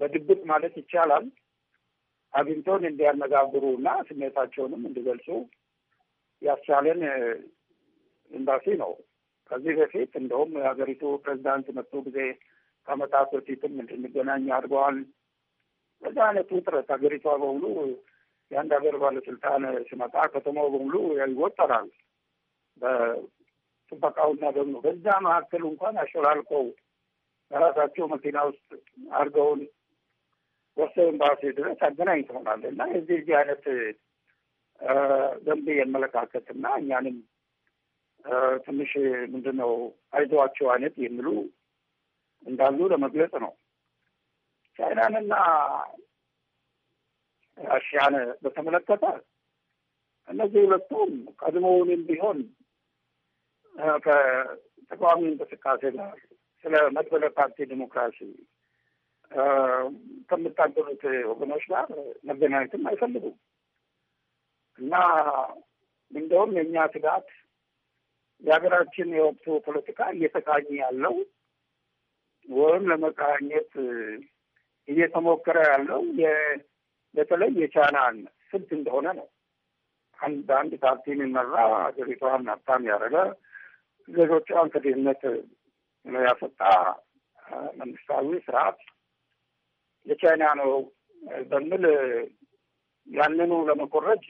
በድብቅ ማለት ይቻላል አግኝቶን እንዲያነጋግሩ እና ስሜታቸውንም እንዲገልጹ ያስቻለን ኤምባሲ ነው። ከዚህ በፊት እንደውም የሀገሪቱ ፕሬዚዳንት መጥቶ ጊዜ ከመጣት በፊትም እንድንገናኝ አድርገዋል። በዛ አይነቱ ውጥረት ሀገሪቷ በሙሉ የአንድ ሀገር ባለስልጣን ሲመጣ ከተማው በሙሉ ይወጠራል በጥበቃውና ደግሞ በዛ መካከል እንኳን አሸላልቀው በራሳቸው መኪና ውስጥ አድርገውን ወሰው ኤምባሲ ድረስ አገናኝተውናል እና የዚህ እዚህ አይነት ገንቢ የመለካከትና እኛንም ትንሽ ምንድን ነው አይዟቸው አይነት የሚሉ እንዳሉ ለመግለጽ ነው። ቻይናንና ራሽያን በተመለከተ እነዚህ ሁለቱም ቀድሞውንም ቢሆን ከተቃዋሚ እንቅስቃሴ ጋር ስለ መድበለ ፓርቲ ዲሞክራሲ ከምታገሉት ወገኖች ጋር መገናኘትም አይፈልጉም። እና እንደውም የእኛ ስጋት የሀገራችን የወቅቱ ፖለቲካ እየተቃኘ ያለው ወይም ለመቃኘት እየተሞከረ ያለው በተለይ የቻናን ስልት እንደሆነ ነው። አንድ አንድ ፓርቲ የሚመራ ሀገሪቷን ሀብታም ያደረገ ዜጎቿን ከድህነት ያስወጣ መንግስታዊ ስርዓት የቻይና ነው በሚል ያንኑ ለመቆረጅ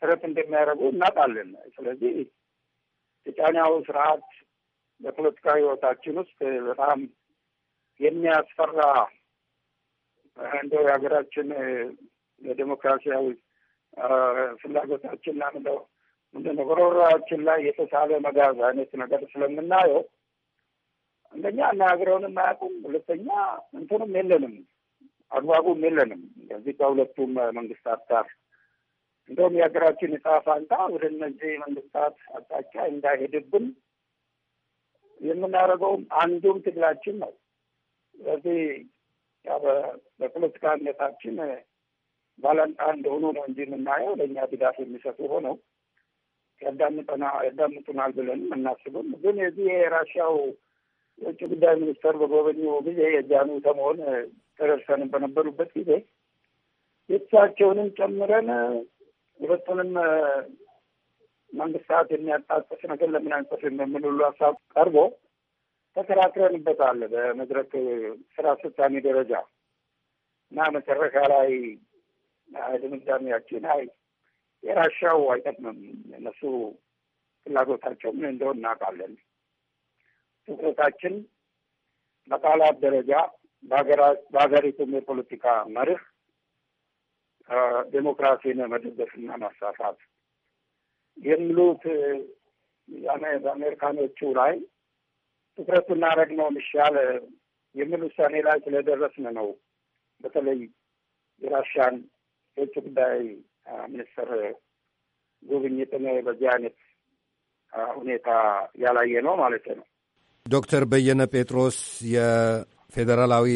ጥረት እንደሚያደርጉ እናውቃለን። ስለዚህ የጫናው ስርዓት በፖለቲካ ህይወታችን ውስጥ በጣም የሚያስፈራ እንደ የሀገራችን የዴሞክራሲያዊ ፍላጎታችን ላምለው ምንድነው በሮራችን ላይ የተሳለ መጋዝ አይነት ነገር ስለምናየው አንደኛ እናገረውንም አያውቁም፣ ሁለተኛ እንትንም የለንም፣ አግባቡም የለንም። እንደዚህ ከሁለቱም መንግስታት ጋር እንደውም የሀገራችን ዕጣ ፈንታ ወደ እነዚህ መንግስታት አቅጣጫ እንዳይሄድብን የምናደርገውም አንዱም ትግላችን ነው። ስለዚህ በፖለቲካነታችን ባላንጣ እንደሆኑ ነው እንጂ የምናየው ለእኛ ድጋፍ የሚሰጡ ሆነው ያዳምጡናል ብለንም እናስብም። ግን የዚህ የራሽያው የውጭ ጉዳይ ሚኒስተር በጎበኙ ጊዜ የጃኑ ተመሆን ተደርሰን በነበሩበት ጊዜ የእሳቸውንም ጨምረን ሁለቱንም መንግስታት የሚያጣጥስ ነገር ለምን አንጽፍ የሚል ሀሳብ ቀርቦ ተከራክረንበታል በመድረክ ስራ አስፈጻሚ ደረጃ እና መጨረሻ ላይ ድምዳሜያችን አይ የራሻው አይጠቅምም፣ እነሱ ፍላጎታቸው ምን እንደሆነ እናውቃለን። ትኩረታችን በቃላት ደረጃ በሀገሪቱም የፖለቲካ መርህ ዴሞክራሲን መደገፍና ማሳሳት የሚሉት አሜሪካኖቹ ላይ ትኩረት እናደርግ ነው የሚሻል የሚል ውሳኔ ላይ ስለደረስን ነው። በተለይ የራሻን የውጭ ጉዳይ ሚኒስትር ጉብኝትን በዚህ አይነት ሁኔታ ያላየ ነው ማለት ነው። ዶክተር በየነ ጴጥሮስ የፌዴራላዊ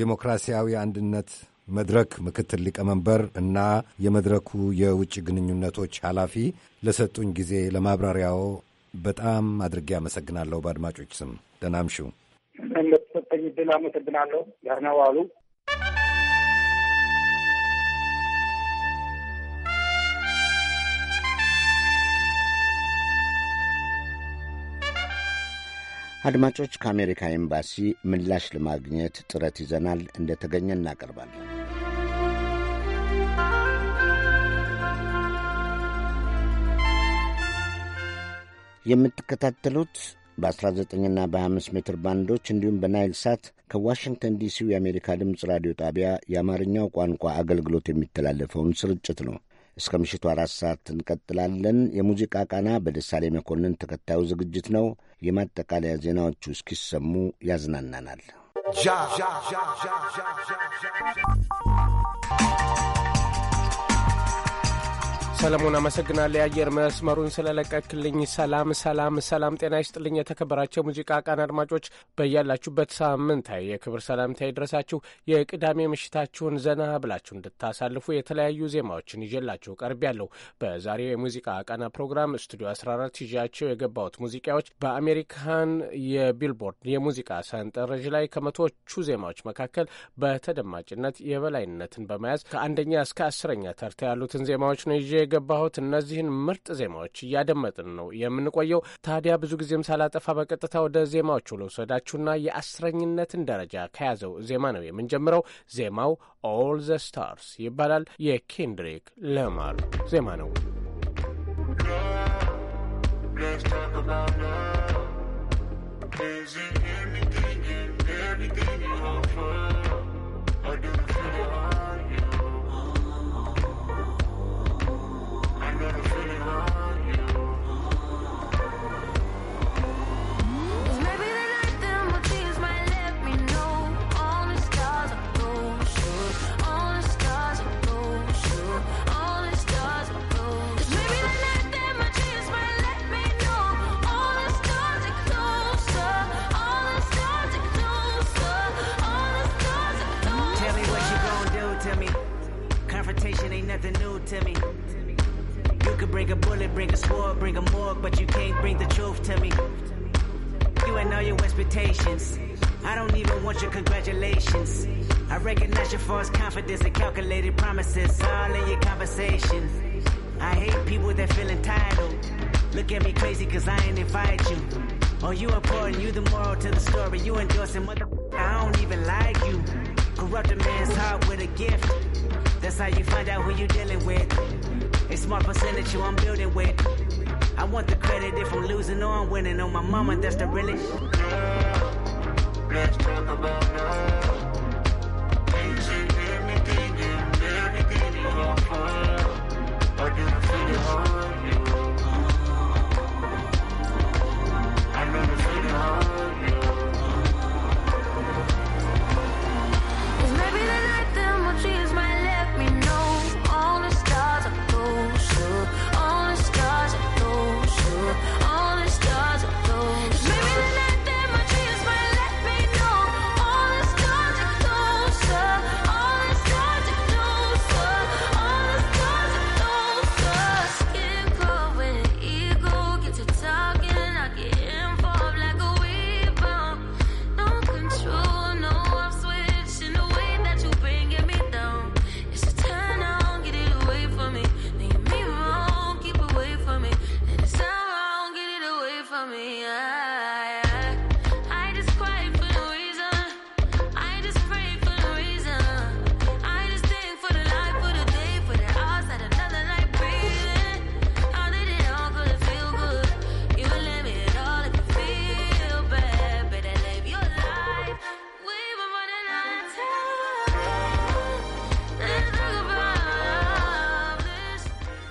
ዴሞክራሲያዊ አንድነት መድረክ ምክትል ሊቀመንበር እና የመድረኩ የውጭ ግንኙነቶች ኃላፊ ለሰጡኝ ጊዜ ለማብራሪያው በጣም አድርጌ አመሰግናለሁ። በአድማጮች ስም ደናምሹ ለተሰጠኝ አመሰግናለሁ። ደህና ዋሉ። አድማጮች ከአሜሪካ ኤምባሲ ምላሽ ለማግኘት ጥረት ይዘናል። እንደተገኘ እናቀርባለን። የምትከታተሉት በ19ና በ 5 ሜትር ባንዶች እንዲሁም በናይል ሳት ከዋሽንግተን ዲሲው የአሜሪካ ድምፅ ራዲዮ ጣቢያ የአማርኛው ቋንቋ አገልግሎት የሚተላለፈውን ስርጭት ነው። እስከ ምሽቱ አራት ሰዓት እንቀጥላለን። የሙዚቃ ቃና በደሳሌ መኮንን ተከታዩ ዝግጅት ነው። የማጠቃለያ ዜናዎቹ እስኪሰሙ ያዝናናናል። ሰለሞን አመሰግናለሁ የአየር መስመሩን ስለለቀቅልኝ። ሰላም ሰላም ሰላም፣ ጤና ይስጥልኝ። የተከበራቸው ሙዚቃ ቃን አድማጮች በያላችሁበት ሳምንታዊ የክብር ሰላምታ ይድረሳችሁ። የቅዳሜ ምሽታችሁን ዘና ብላችሁ እንድታሳልፉ የተለያዩ ዜማዎችን ይዤላችሁ ቀርቤያለሁ። በዛሬው የሙዚቃ ቃና ፕሮግራም ስቱዲዮ 14 ይዣቸው የገባሁት ሙዚቃዎች በአሜሪካን የቢልቦርድ የሙዚቃ ሰንጠረዥ ላይ ከመቶዎቹ ዜማዎች መካከል በተደማጭነት የበላይነትን በመያዝ ከአንደኛ እስከ አስረኛ ተርታ ያሉትን ዜማዎች ነው ይዤ የገባሁት እነዚህን ምርጥ ዜማዎች እያደመጥን ነው የምንቆየው። ታዲያ ብዙ ጊዜም ሳላጠፋ በቀጥታ ወደ ዜማዎቹ ልውሰዳችሁና የአስረኝነትን ደረጃ ከያዘው ዜማ ነው የምንጀምረው። ዜማው ኦል ዘ ስታርስ ይባላል። የኬንድሪክ ለማር ዜማ ነው። Is it anything and everything you offer? nothing new to me. You could bring a bullet, bring a sword, bring a morgue, but you can't bring the truth to me. You ain't know your expectations. I don't even want your congratulations. I recognize your false confidence and calculated promises all in your conversation. I hate people that feel entitled. Look at me crazy cause I ain't invite you. Oh, you important, you the moral to the story. You endorsing mother, I don't even like you. Corrupt a man's heart with a gift. That's how you find out who you dealing with. A smart percentage you I'm building with. I want the credit if I'm losing or I'm winning. On my mama, that's the realest. Let's talk about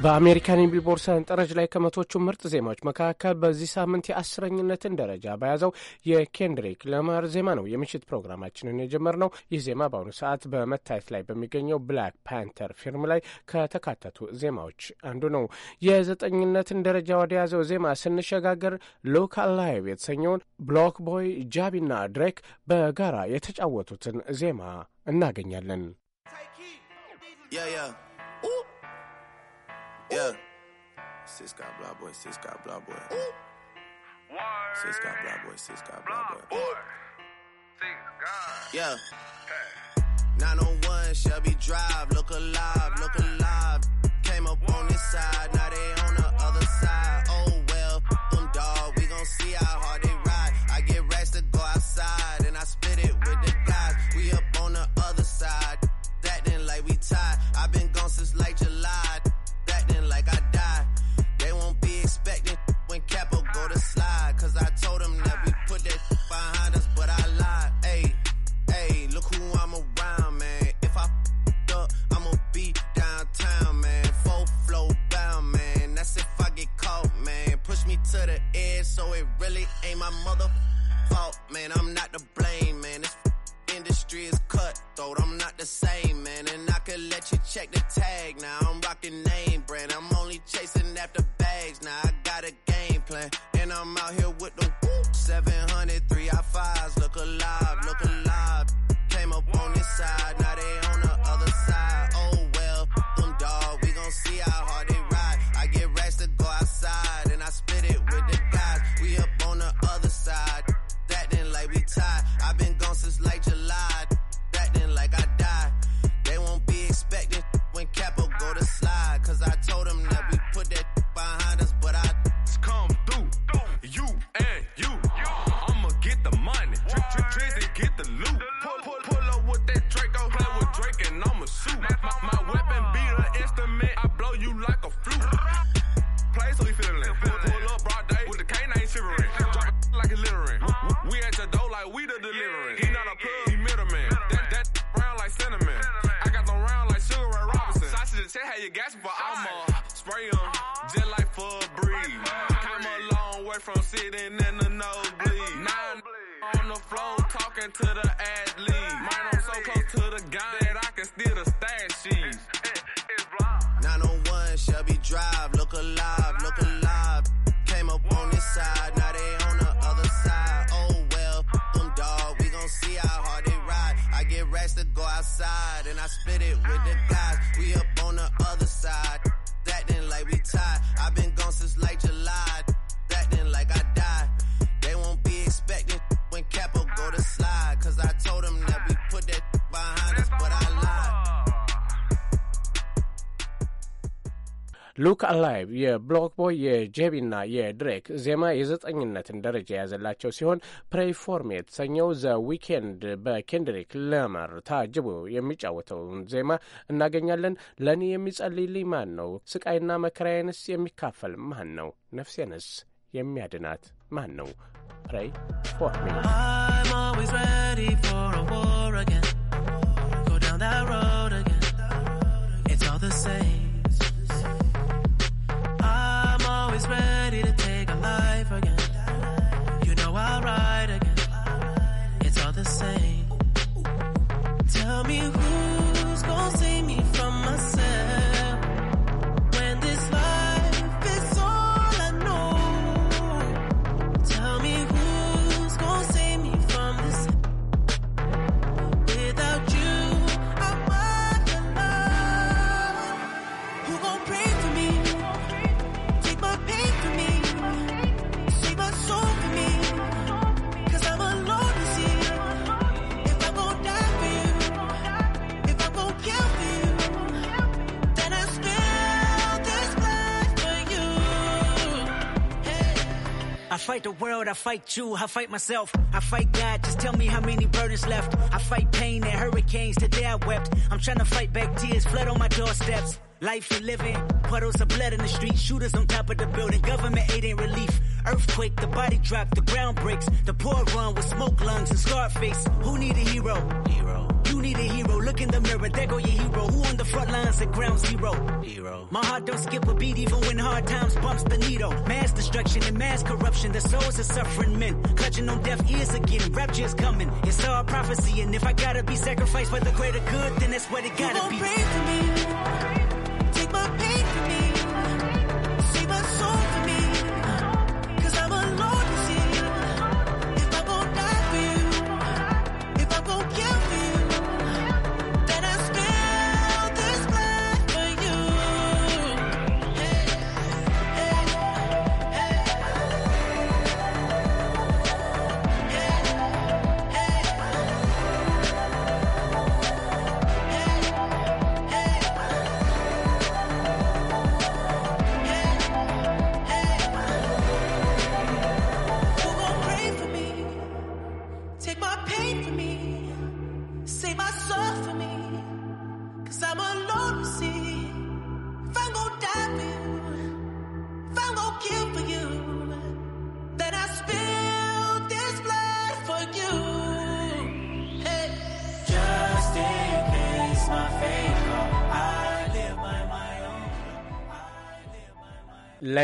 በአሜሪካን የቢልቦርድ ሰንጠረዥ ላይ ከመቶቹ ምርጥ ዜማዎች መካከል በዚህ ሳምንት የአስረኝነትን ደረጃ በያዘው የኬንድሪክ ለማር ዜማ ነው የምሽት ፕሮግራማችንን የጀመርነው። ይህ ዜማ በአሁኑ ሰዓት በመታየት ላይ በሚገኘው ብላክ ፓንተር ፊልም ላይ ከተካተቱ ዜማዎች አንዱ ነው። የዘጠኝነትን ደረጃ ወደ ያዘው ዜማ ስንሸጋገር ሎካል አላይቭ የተሰኘውን ብሎክ ቦይ ጃቢና ድሬክ በጋራ የተጫወቱትን ዜማ እናገኛለን። Yeah. six got blah boy, six got blah boy. Ooh, six got blah boy, six got blah boy. Boy, Yeah. Hey. 901 Shelby Drive, look alive, look alive. Came up on this side, now they on the other side. Oh well, them dog, we gon' see how to the edge, so it really ain't my mother fault, man. I'm not to blame, man. This industry is cutthroat. I'm not the same, man. And I could let you check the tag now. I'm rocking name brand. I'm only chasing after bags now. I got a game plan. And I'm out here with the woo. 703 I fives. Look alive, look alive. Came up on this side, now they on the other side. ሉክ አላይቭ የብሎክ ቦይ የጄቢና የድሬክ ዜማ የዘጠኝነትን ደረጃ የያዘላቸው ሲሆን ፕሬይ ፎር ሚ የተሰኘው ዘ ዊኬንድ በኬንድሪክ ለመር ታጅቦ የሚጫወተውን ዜማ እናገኛለን። ለእኔ የሚጸልይልኝ ማን ነው? ስቃይና መከራዬንስ የሚካፈል ማን ነው? ነፍሴንስ የሚያድናት ማን ነው? ፕሬይ ፎር ሚ tell me fight the world, I fight you, I fight myself, I fight God. Just tell me how many burdens left. I fight pain and hurricanes. Today I wept. I'm trying to fight back tears, flood on my doorsteps. Life and living, puddles of blood in the street, shooters on top of the building, government aid ain't relief. Earthquake, the body drop, the ground breaks, the poor run with smoke lungs and scarred face. Who need a hero? Hero. Look in the mirror, there go your hero. Who on the front lines at ground zero? Hero. My heart don't skip a beat even when hard times bumps the needle. Mass destruction and mass corruption. The souls of suffering men. Clutching on deaf ears again. Rapture's coming. It's all prophecy. And if I gotta be sacrificed for the greater good, then that's what it gotta you won't be. Pray for me.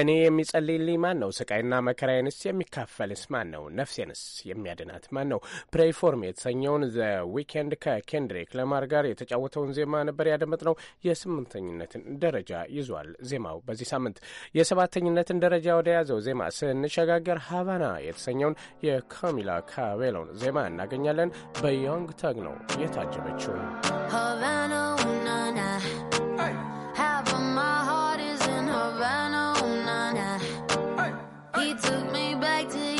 ለእኔ የሚጸልይልኝ ማን ነው? ስቃይና መከራዬንስ የሚካፈልስ ማን ነው? ነፍሴንስ የሚያድናት ማን ነው? ፕሬይ የተሰኘውን ዘ ዊኬንድ ከኬንድሪክ ለማር ጋር የተጫወተውን ዜማ ነበር ያደመጥነው። የስምንተኝነትን ደረጃ ይዟል ዜማው በዚህ ሳምንት። የሰባተኝነትን ደረጃ ወደ ያዘው ዜማ ስንሸጋገር ሀቫና የተሰኘውን የካሚላ ካቤሎን ዜማ እናገኛለን። በዮንግ ተግ ነው የታጀበችው ሀቫና He took me back to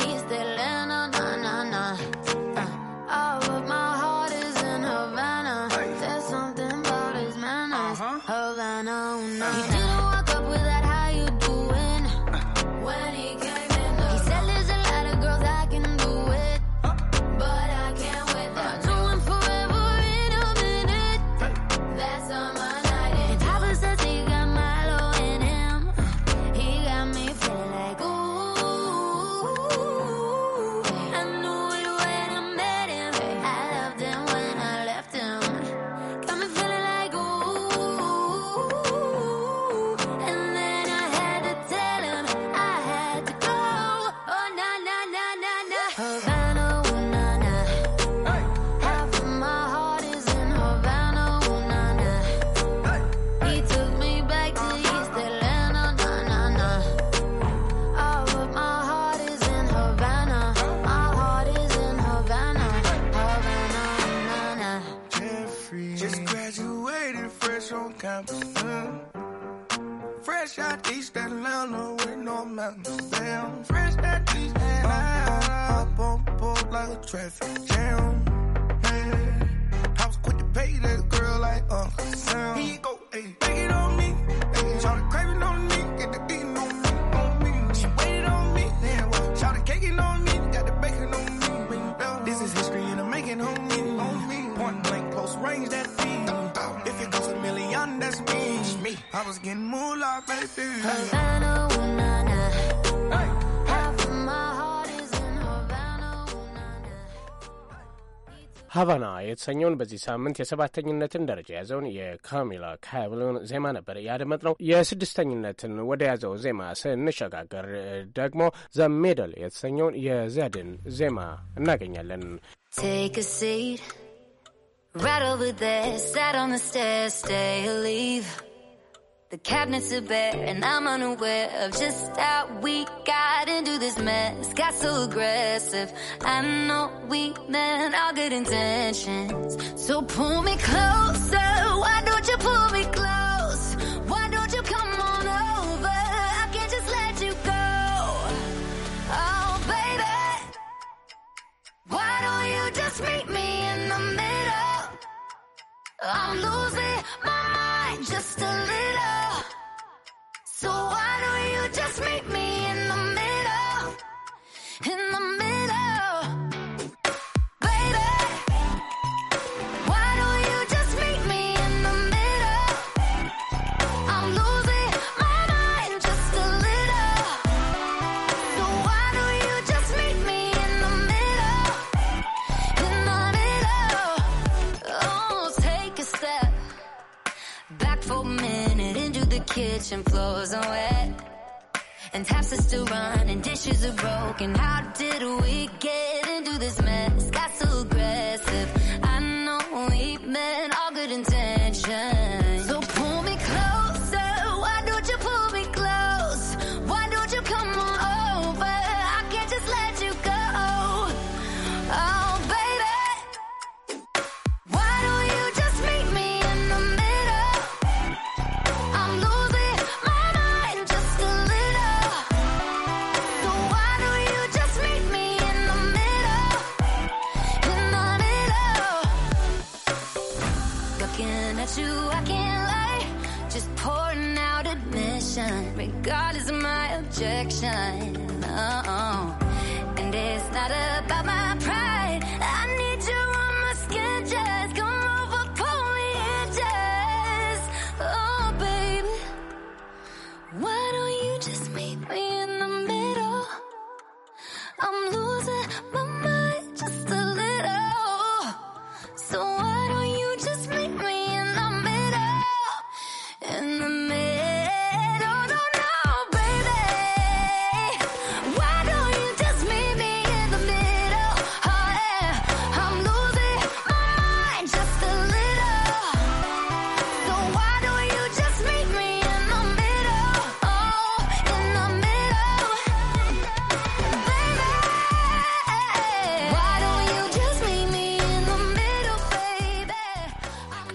የተሰኘውን በዚህ ሳምንት የሰባተኝነትን ደረጃ የያዘውን የካሚላ ካብሎን ዜማ ነበር ያደመጥነው። የስድስተኝነትን ወደ ያዘው ዜማ ስንሸጋገር ደግሞ ዘ ሜደል የተሰኘውን የዘድን ዜማ እናገኛለን። The cabinets are bare and I'm unaware of just how we got into this mess. Got so aggressive. I know we meant all good intentions. So pull me closer. Why don't you pull me closer?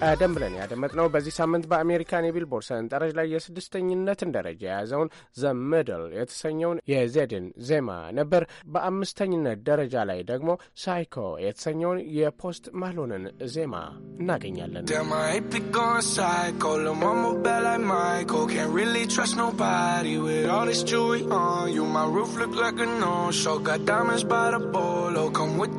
ቀደም ብለን ያደመጥነው በዚህ ሳምንት በአሜሪካን የቢልቦርድ ሰንጠረዥ ላይ የስድስተኝነትን ደረጃ የያዘውን ዘ ሜድል የተሰኘውን የዜድን ዜማ ነበር። በአምስተኝነት ደረጃ ላይ ደግሞ ሳይኮ የተሰኘውን የፖስት ማሎንን ዜማ እናገኛለን። Come with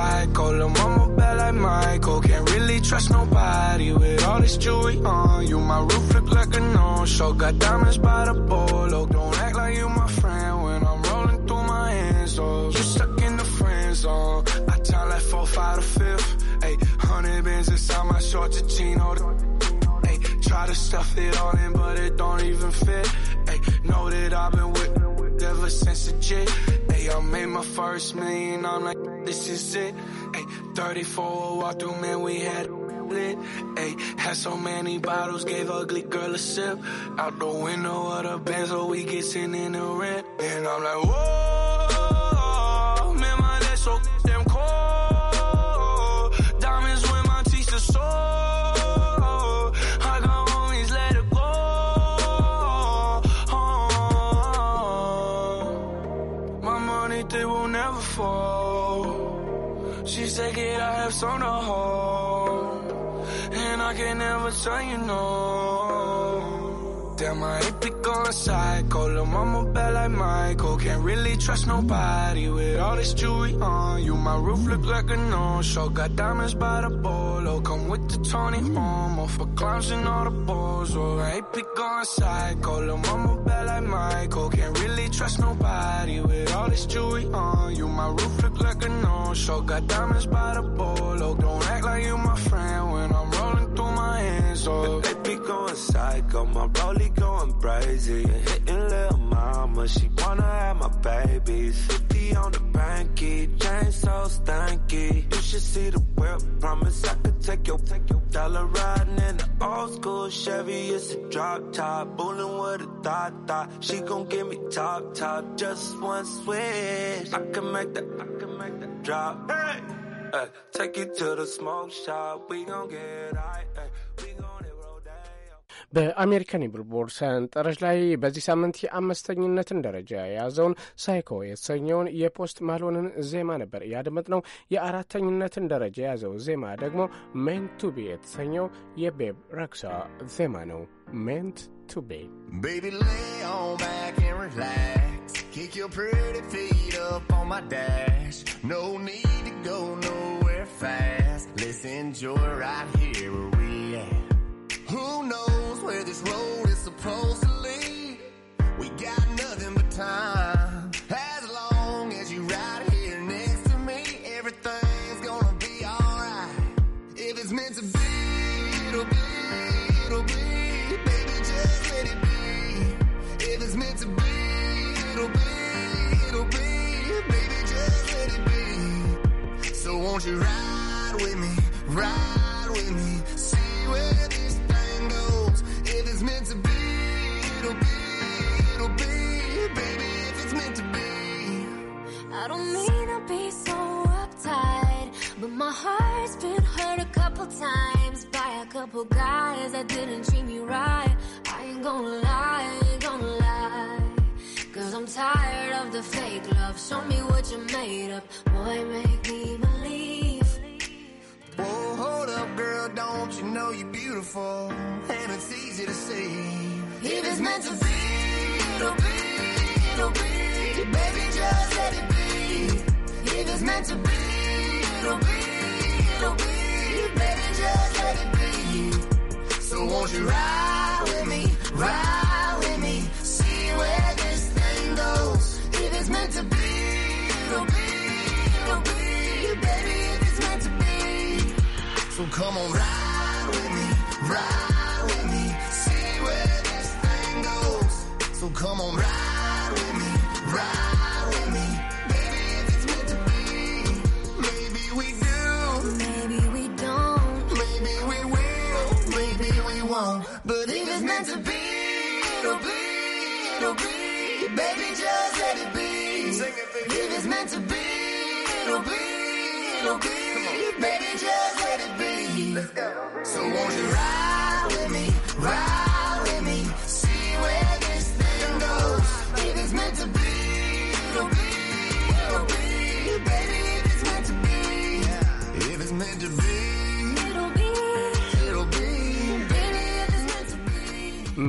psycho. Lil' mama bad like Michael. Can't really trust nobody with all this jewelry on you. My roof look like a no-show. Got diamonds by the polo. Don't act like you my friend when I'm rolling through my hands. Oh, you stuck in the friend zone. I tell like four, five, to fifth. Ayy, hundred bands inside my short chino. Try to stuff it all in, but it don't even fit. Ay, know that I've been with ever since a jit. Ay, I made my first million, I'm like, this is it. Ay, 34 walk oh, through, man, we had lit. Ay, had so many bottles, gave ugly girl a sip. Out the window of the Benz, so oh, we get sent in the rent. And I'm like, whoa, man, my neck so life's on a hold, and I can never tell you no. Damn, I hate be going psycho. Lil' mama bad like Michael. Can't really trust nobody with all this jewelry on. You, my roof look like a no-show. Got diamonds by the bowl solo. Come with the Tony Romo for clowns and all the balls. Or pick on psycho. Lil' mama bad like Michael. Can't really trust nobody with all this jewelry on. You my roof look like a no-show. Got diamonds by the bolo. Don't act like you my friend hands up. they be going psycho, my Rolly going crazy. Hitting little mama, she wanna have my babies. 50 on the banky, chain so stanky. You should see the whip, promise I could take your, take your dollar riding in the old school Chevy. It's a drop top, bullin' with a thought thot. She gon' give me top top, just one switch. I can make that, I can make that drop. Hey! take you to the smoke shop, we gon' get high. በአሜሪካን የቢልቦርድ ሰንጠረዥ ላይ በዚህ ሳምንት የአምስተኝነትን ደረጃ የያዘውን ሳይኮ የተሰኘውን የፖስት ማሎንን ዜማ ነበር ያደመጥነው። የአራተኝነትን ደረጃ የያዘው ዜማ ደግሞ ሜንት ቱ ቢ የተሰኘው የቤብ ረክሳ ዜማ ነው። ሜንት ቱ ቢ enjoy right here where we at. Who knows where this road is supposed to lead? We got nothing but time.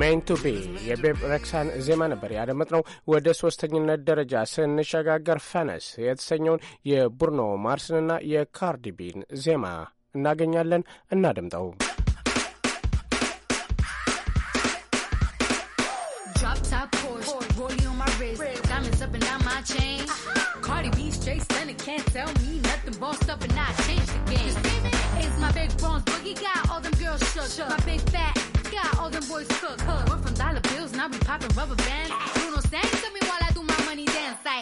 ሜን ቱ ቢ የቤብ ረክሳን ዜማ ነበር ያደመጥነው። ወደ ሶስተኝነት ደረጃ ስንሸጋገር ፈነስ የተሰኘውን የቡርኖ ማርስንና የካርዲቢን ዜማ እናገኛለን። እናደምጠው። up and I changed the game. It's my big bronze boogie got all them girls shook. shook. My big fat got all them boys cook. cook. We're from dollar bills and I be popping rubber bands. Bruno Sang to me while I do my money dance. Like,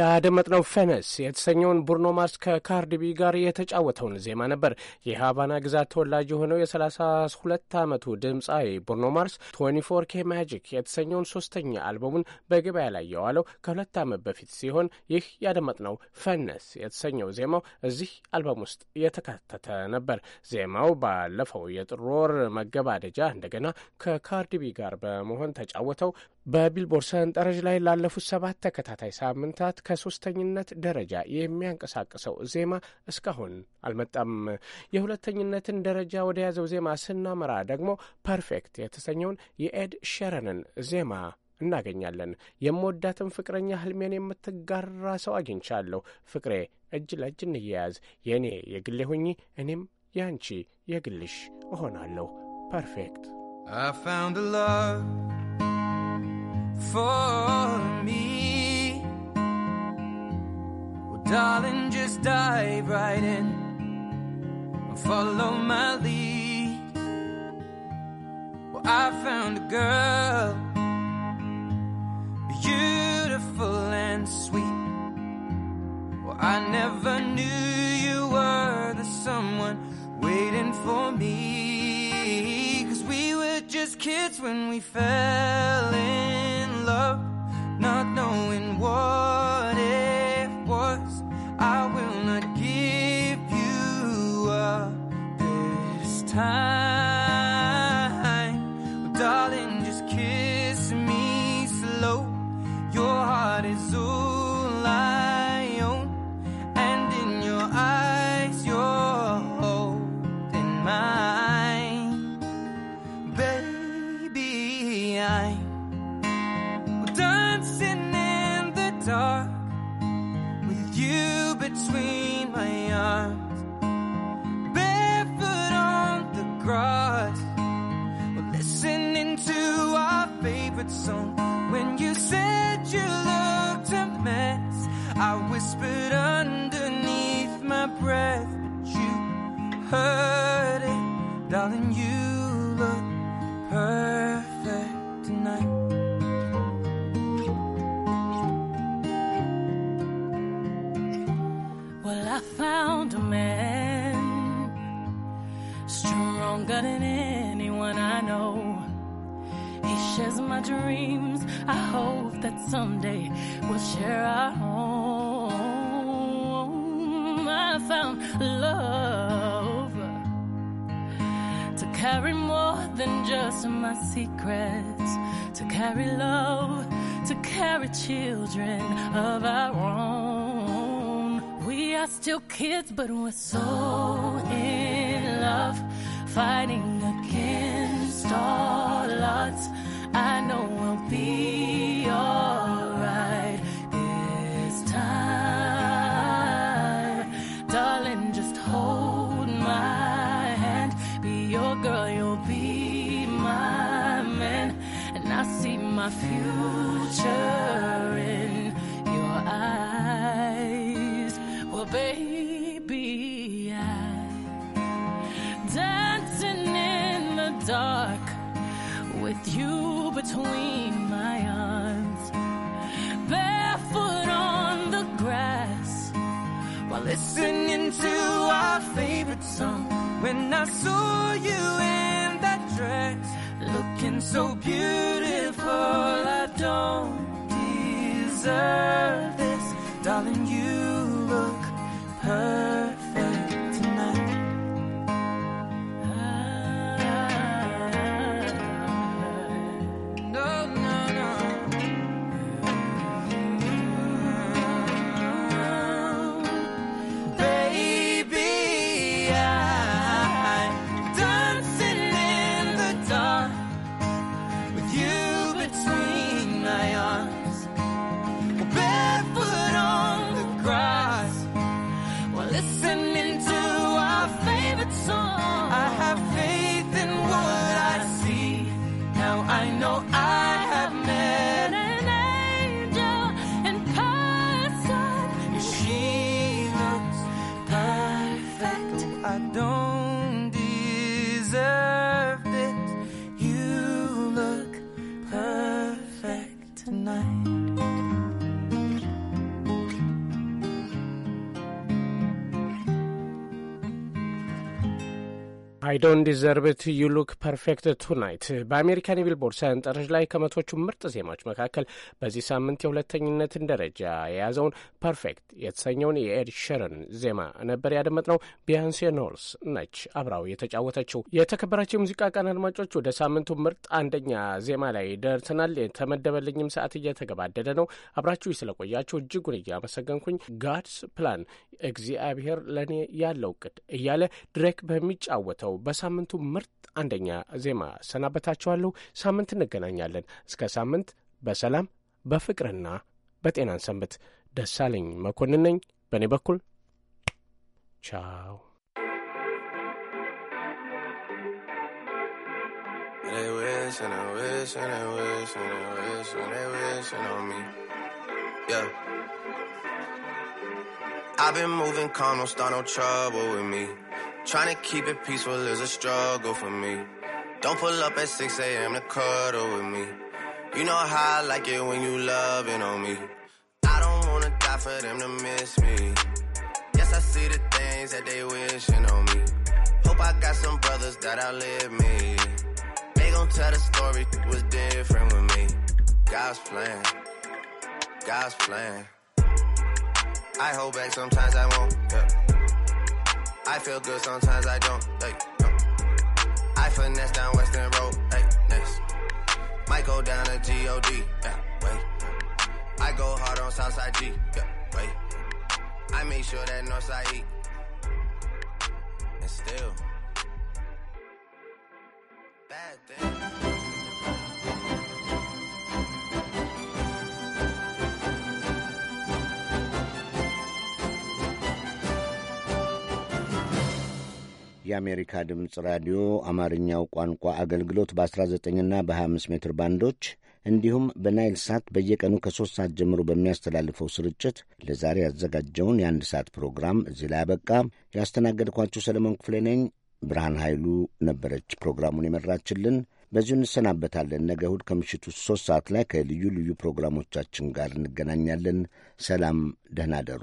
ያደመጥነው ፌነስ የተሰኘውን ቡርኖ ማርስ ከካርዲቢ ጋር የተጫወተውን ዜማ ነበር። የሀቫና ግዛት ተወላጅ የሆነው የ32 ዓመቱ ድምፃዊ ቡርኖ ማርስ 24 ኬ ማጂክ የተሰኘውን ሶስተኛ አልበሙን በገበያ ላይ የዋለው ከሁለት ዓመት በፊት ሲሆን ይህ ያደመጥነው ፌነስ የተሰኘው ዜማው እዚህ አልበም ውስጥ የተካተተ ነበር። ዜማው ባለፈው የጥር ወር መገባደጃ እንደገና ከካርዲቢ ጋር በመሆን ተጫወተው በቢልቦርድ ሰንጠረዥ ላይ ላለፉት ሰባት ተከታታይ ሳምንታት ከሶስተኝነት ደረጃ የሚያንቀሳቅሰው ዜማ እስካሁን አልመጣም። የሁለተኝነትን ደረጃ ወደ ያዘው ዜማ ስናመራ ደግሞ ፐርፌክት የተሰኘውን የኤድ ሸረንን ዜማ እናገኛለን። የምወዳትን ፍቅረኛ ህልሜን የምትጋራ ሰው አግኝቻለሁ። ፍቅሬ እጅ ለእጅ እንያያዝ፣ የእኔ የግሌ ሁኚ፣ እኔም ያንቺ የግልሽ እሆናለሁ። ፐርፌክት I found a love for me. Well, darling, just dive right in and follow my lead. Well, I found a girl, beautiful and sweet. Well, I never knew you were the someone waiting for me. Cause we were just kids when we fell in. times. Barefoot on the grass, listening to our favorite song. dreams. I hope that someday we'll share our home. I found love to carry more than just my secrets, to carry love, to carry children of our own. We are still kids, but we're so in love, fighting against all odds I know we will be alright this time. Darling, just hold my hand. Be your girl, you'll be my man. And I see my future in your eyes. Well, baby, I dancing in the dark with you between my arms, barefoot on the grass, while listening to our favorite song. When I saw you in that dress, looking so beautiful, I don't deserve this, darling. You ዶን ዲዘርቭት ዩ ሉክ ፐርፌክት ቱናይት በአሜሪካን የቢልቦርድ ሰንጠረዥ ላይ ከመቶቹ ምርጥ ዜማዎች መካከል በዚህ ሳምንት የሁለተኝነትን ደረጃ የያዘውን ፐርፌክት የተሰኘውን የኤድ ሸረን ዜማ ነበር ያደመጥነው። ቢያንሴ ኖልስ ነች አብራው የተጫወተችው። የተከበራቸው የሙዚቃ ቀን አድማጮች፣ ወደ ሳምንቱ ምርጥ አንደኛ ዜማ ላይ ደርተናል የተመደበልኝም ሰዓት እየተገባደደ ነው። አብራችሁ ስለቆያችሁ እጅጉን እያመሰገንኩኝ ጋድስ ፕላን እግዚአብሔር ለእኔ ያለው ቅድ እያለ ድሬክ በሚጫወተው በሳምንቱ ምርጥ አንደኛ ዜማ ሰናበታችኋለሁ። ሳምንት እንገናኛለን። እስከ ሳምንት በሰላም በፍቅርና በጤናን ሰንብት። ደሳለኝ መኮንን ነኝ። በእኔ በኩል ቻው። They wish and I wish and I wish and I wish and they wishing on me. Yeah. I've been moving calm, don't start no trouble with me. Trying to keep it peaceful is a struggle for me. Don't pull up at 6 a.m. to cuddle with me. You know how I like it when you loving on me. I don't wanna die for them to miss me. Yes, I see the things that they wishing on me. Hope I got some brothers that outlive me. They gon' tell the story was different with me. God's plan, God's plan. I hold back sometimes I won't. Yeah. I feel good, sometimes I don't. Hey, no. I finesse down Western Road. Hey, next. Might go down to G-O-D. Yeah, wait. I go hard on Southside G. Yeah, wait. I make sure that Northside E. And still. Bad thing. የአሜሪካ ድምፅ ራዲዮ አማርኛው ቋንቋ አገልግሎት በ19ና በ25 ሜትር ባንዶች እንዲሁም በናይል ሳት በየቀኑ ከሶስት ሰዓት ጀምሮ በሚያስተላልፈው ስርጭት ለዛሬ ያዘጋጀውን የአንድ ሰዓት ፕሮግራም እዚህ ላይ አበቃ። ያስተናገድኳችሁ ሰለሞን ክፍሌ ነኝ። ብርሃን ኃይሉ ነበረች ፕሮግራሙን የመራችልን። በዚሁ እንሰናበታለን። ነገ እሁድ ከምሽቱ ሶስት ሰዓት ላይ ከልዩ ልዩ ፕሮግራሞቻችን ጋር እንገናኛለን። ሰላም፣ ደህና ደሩ።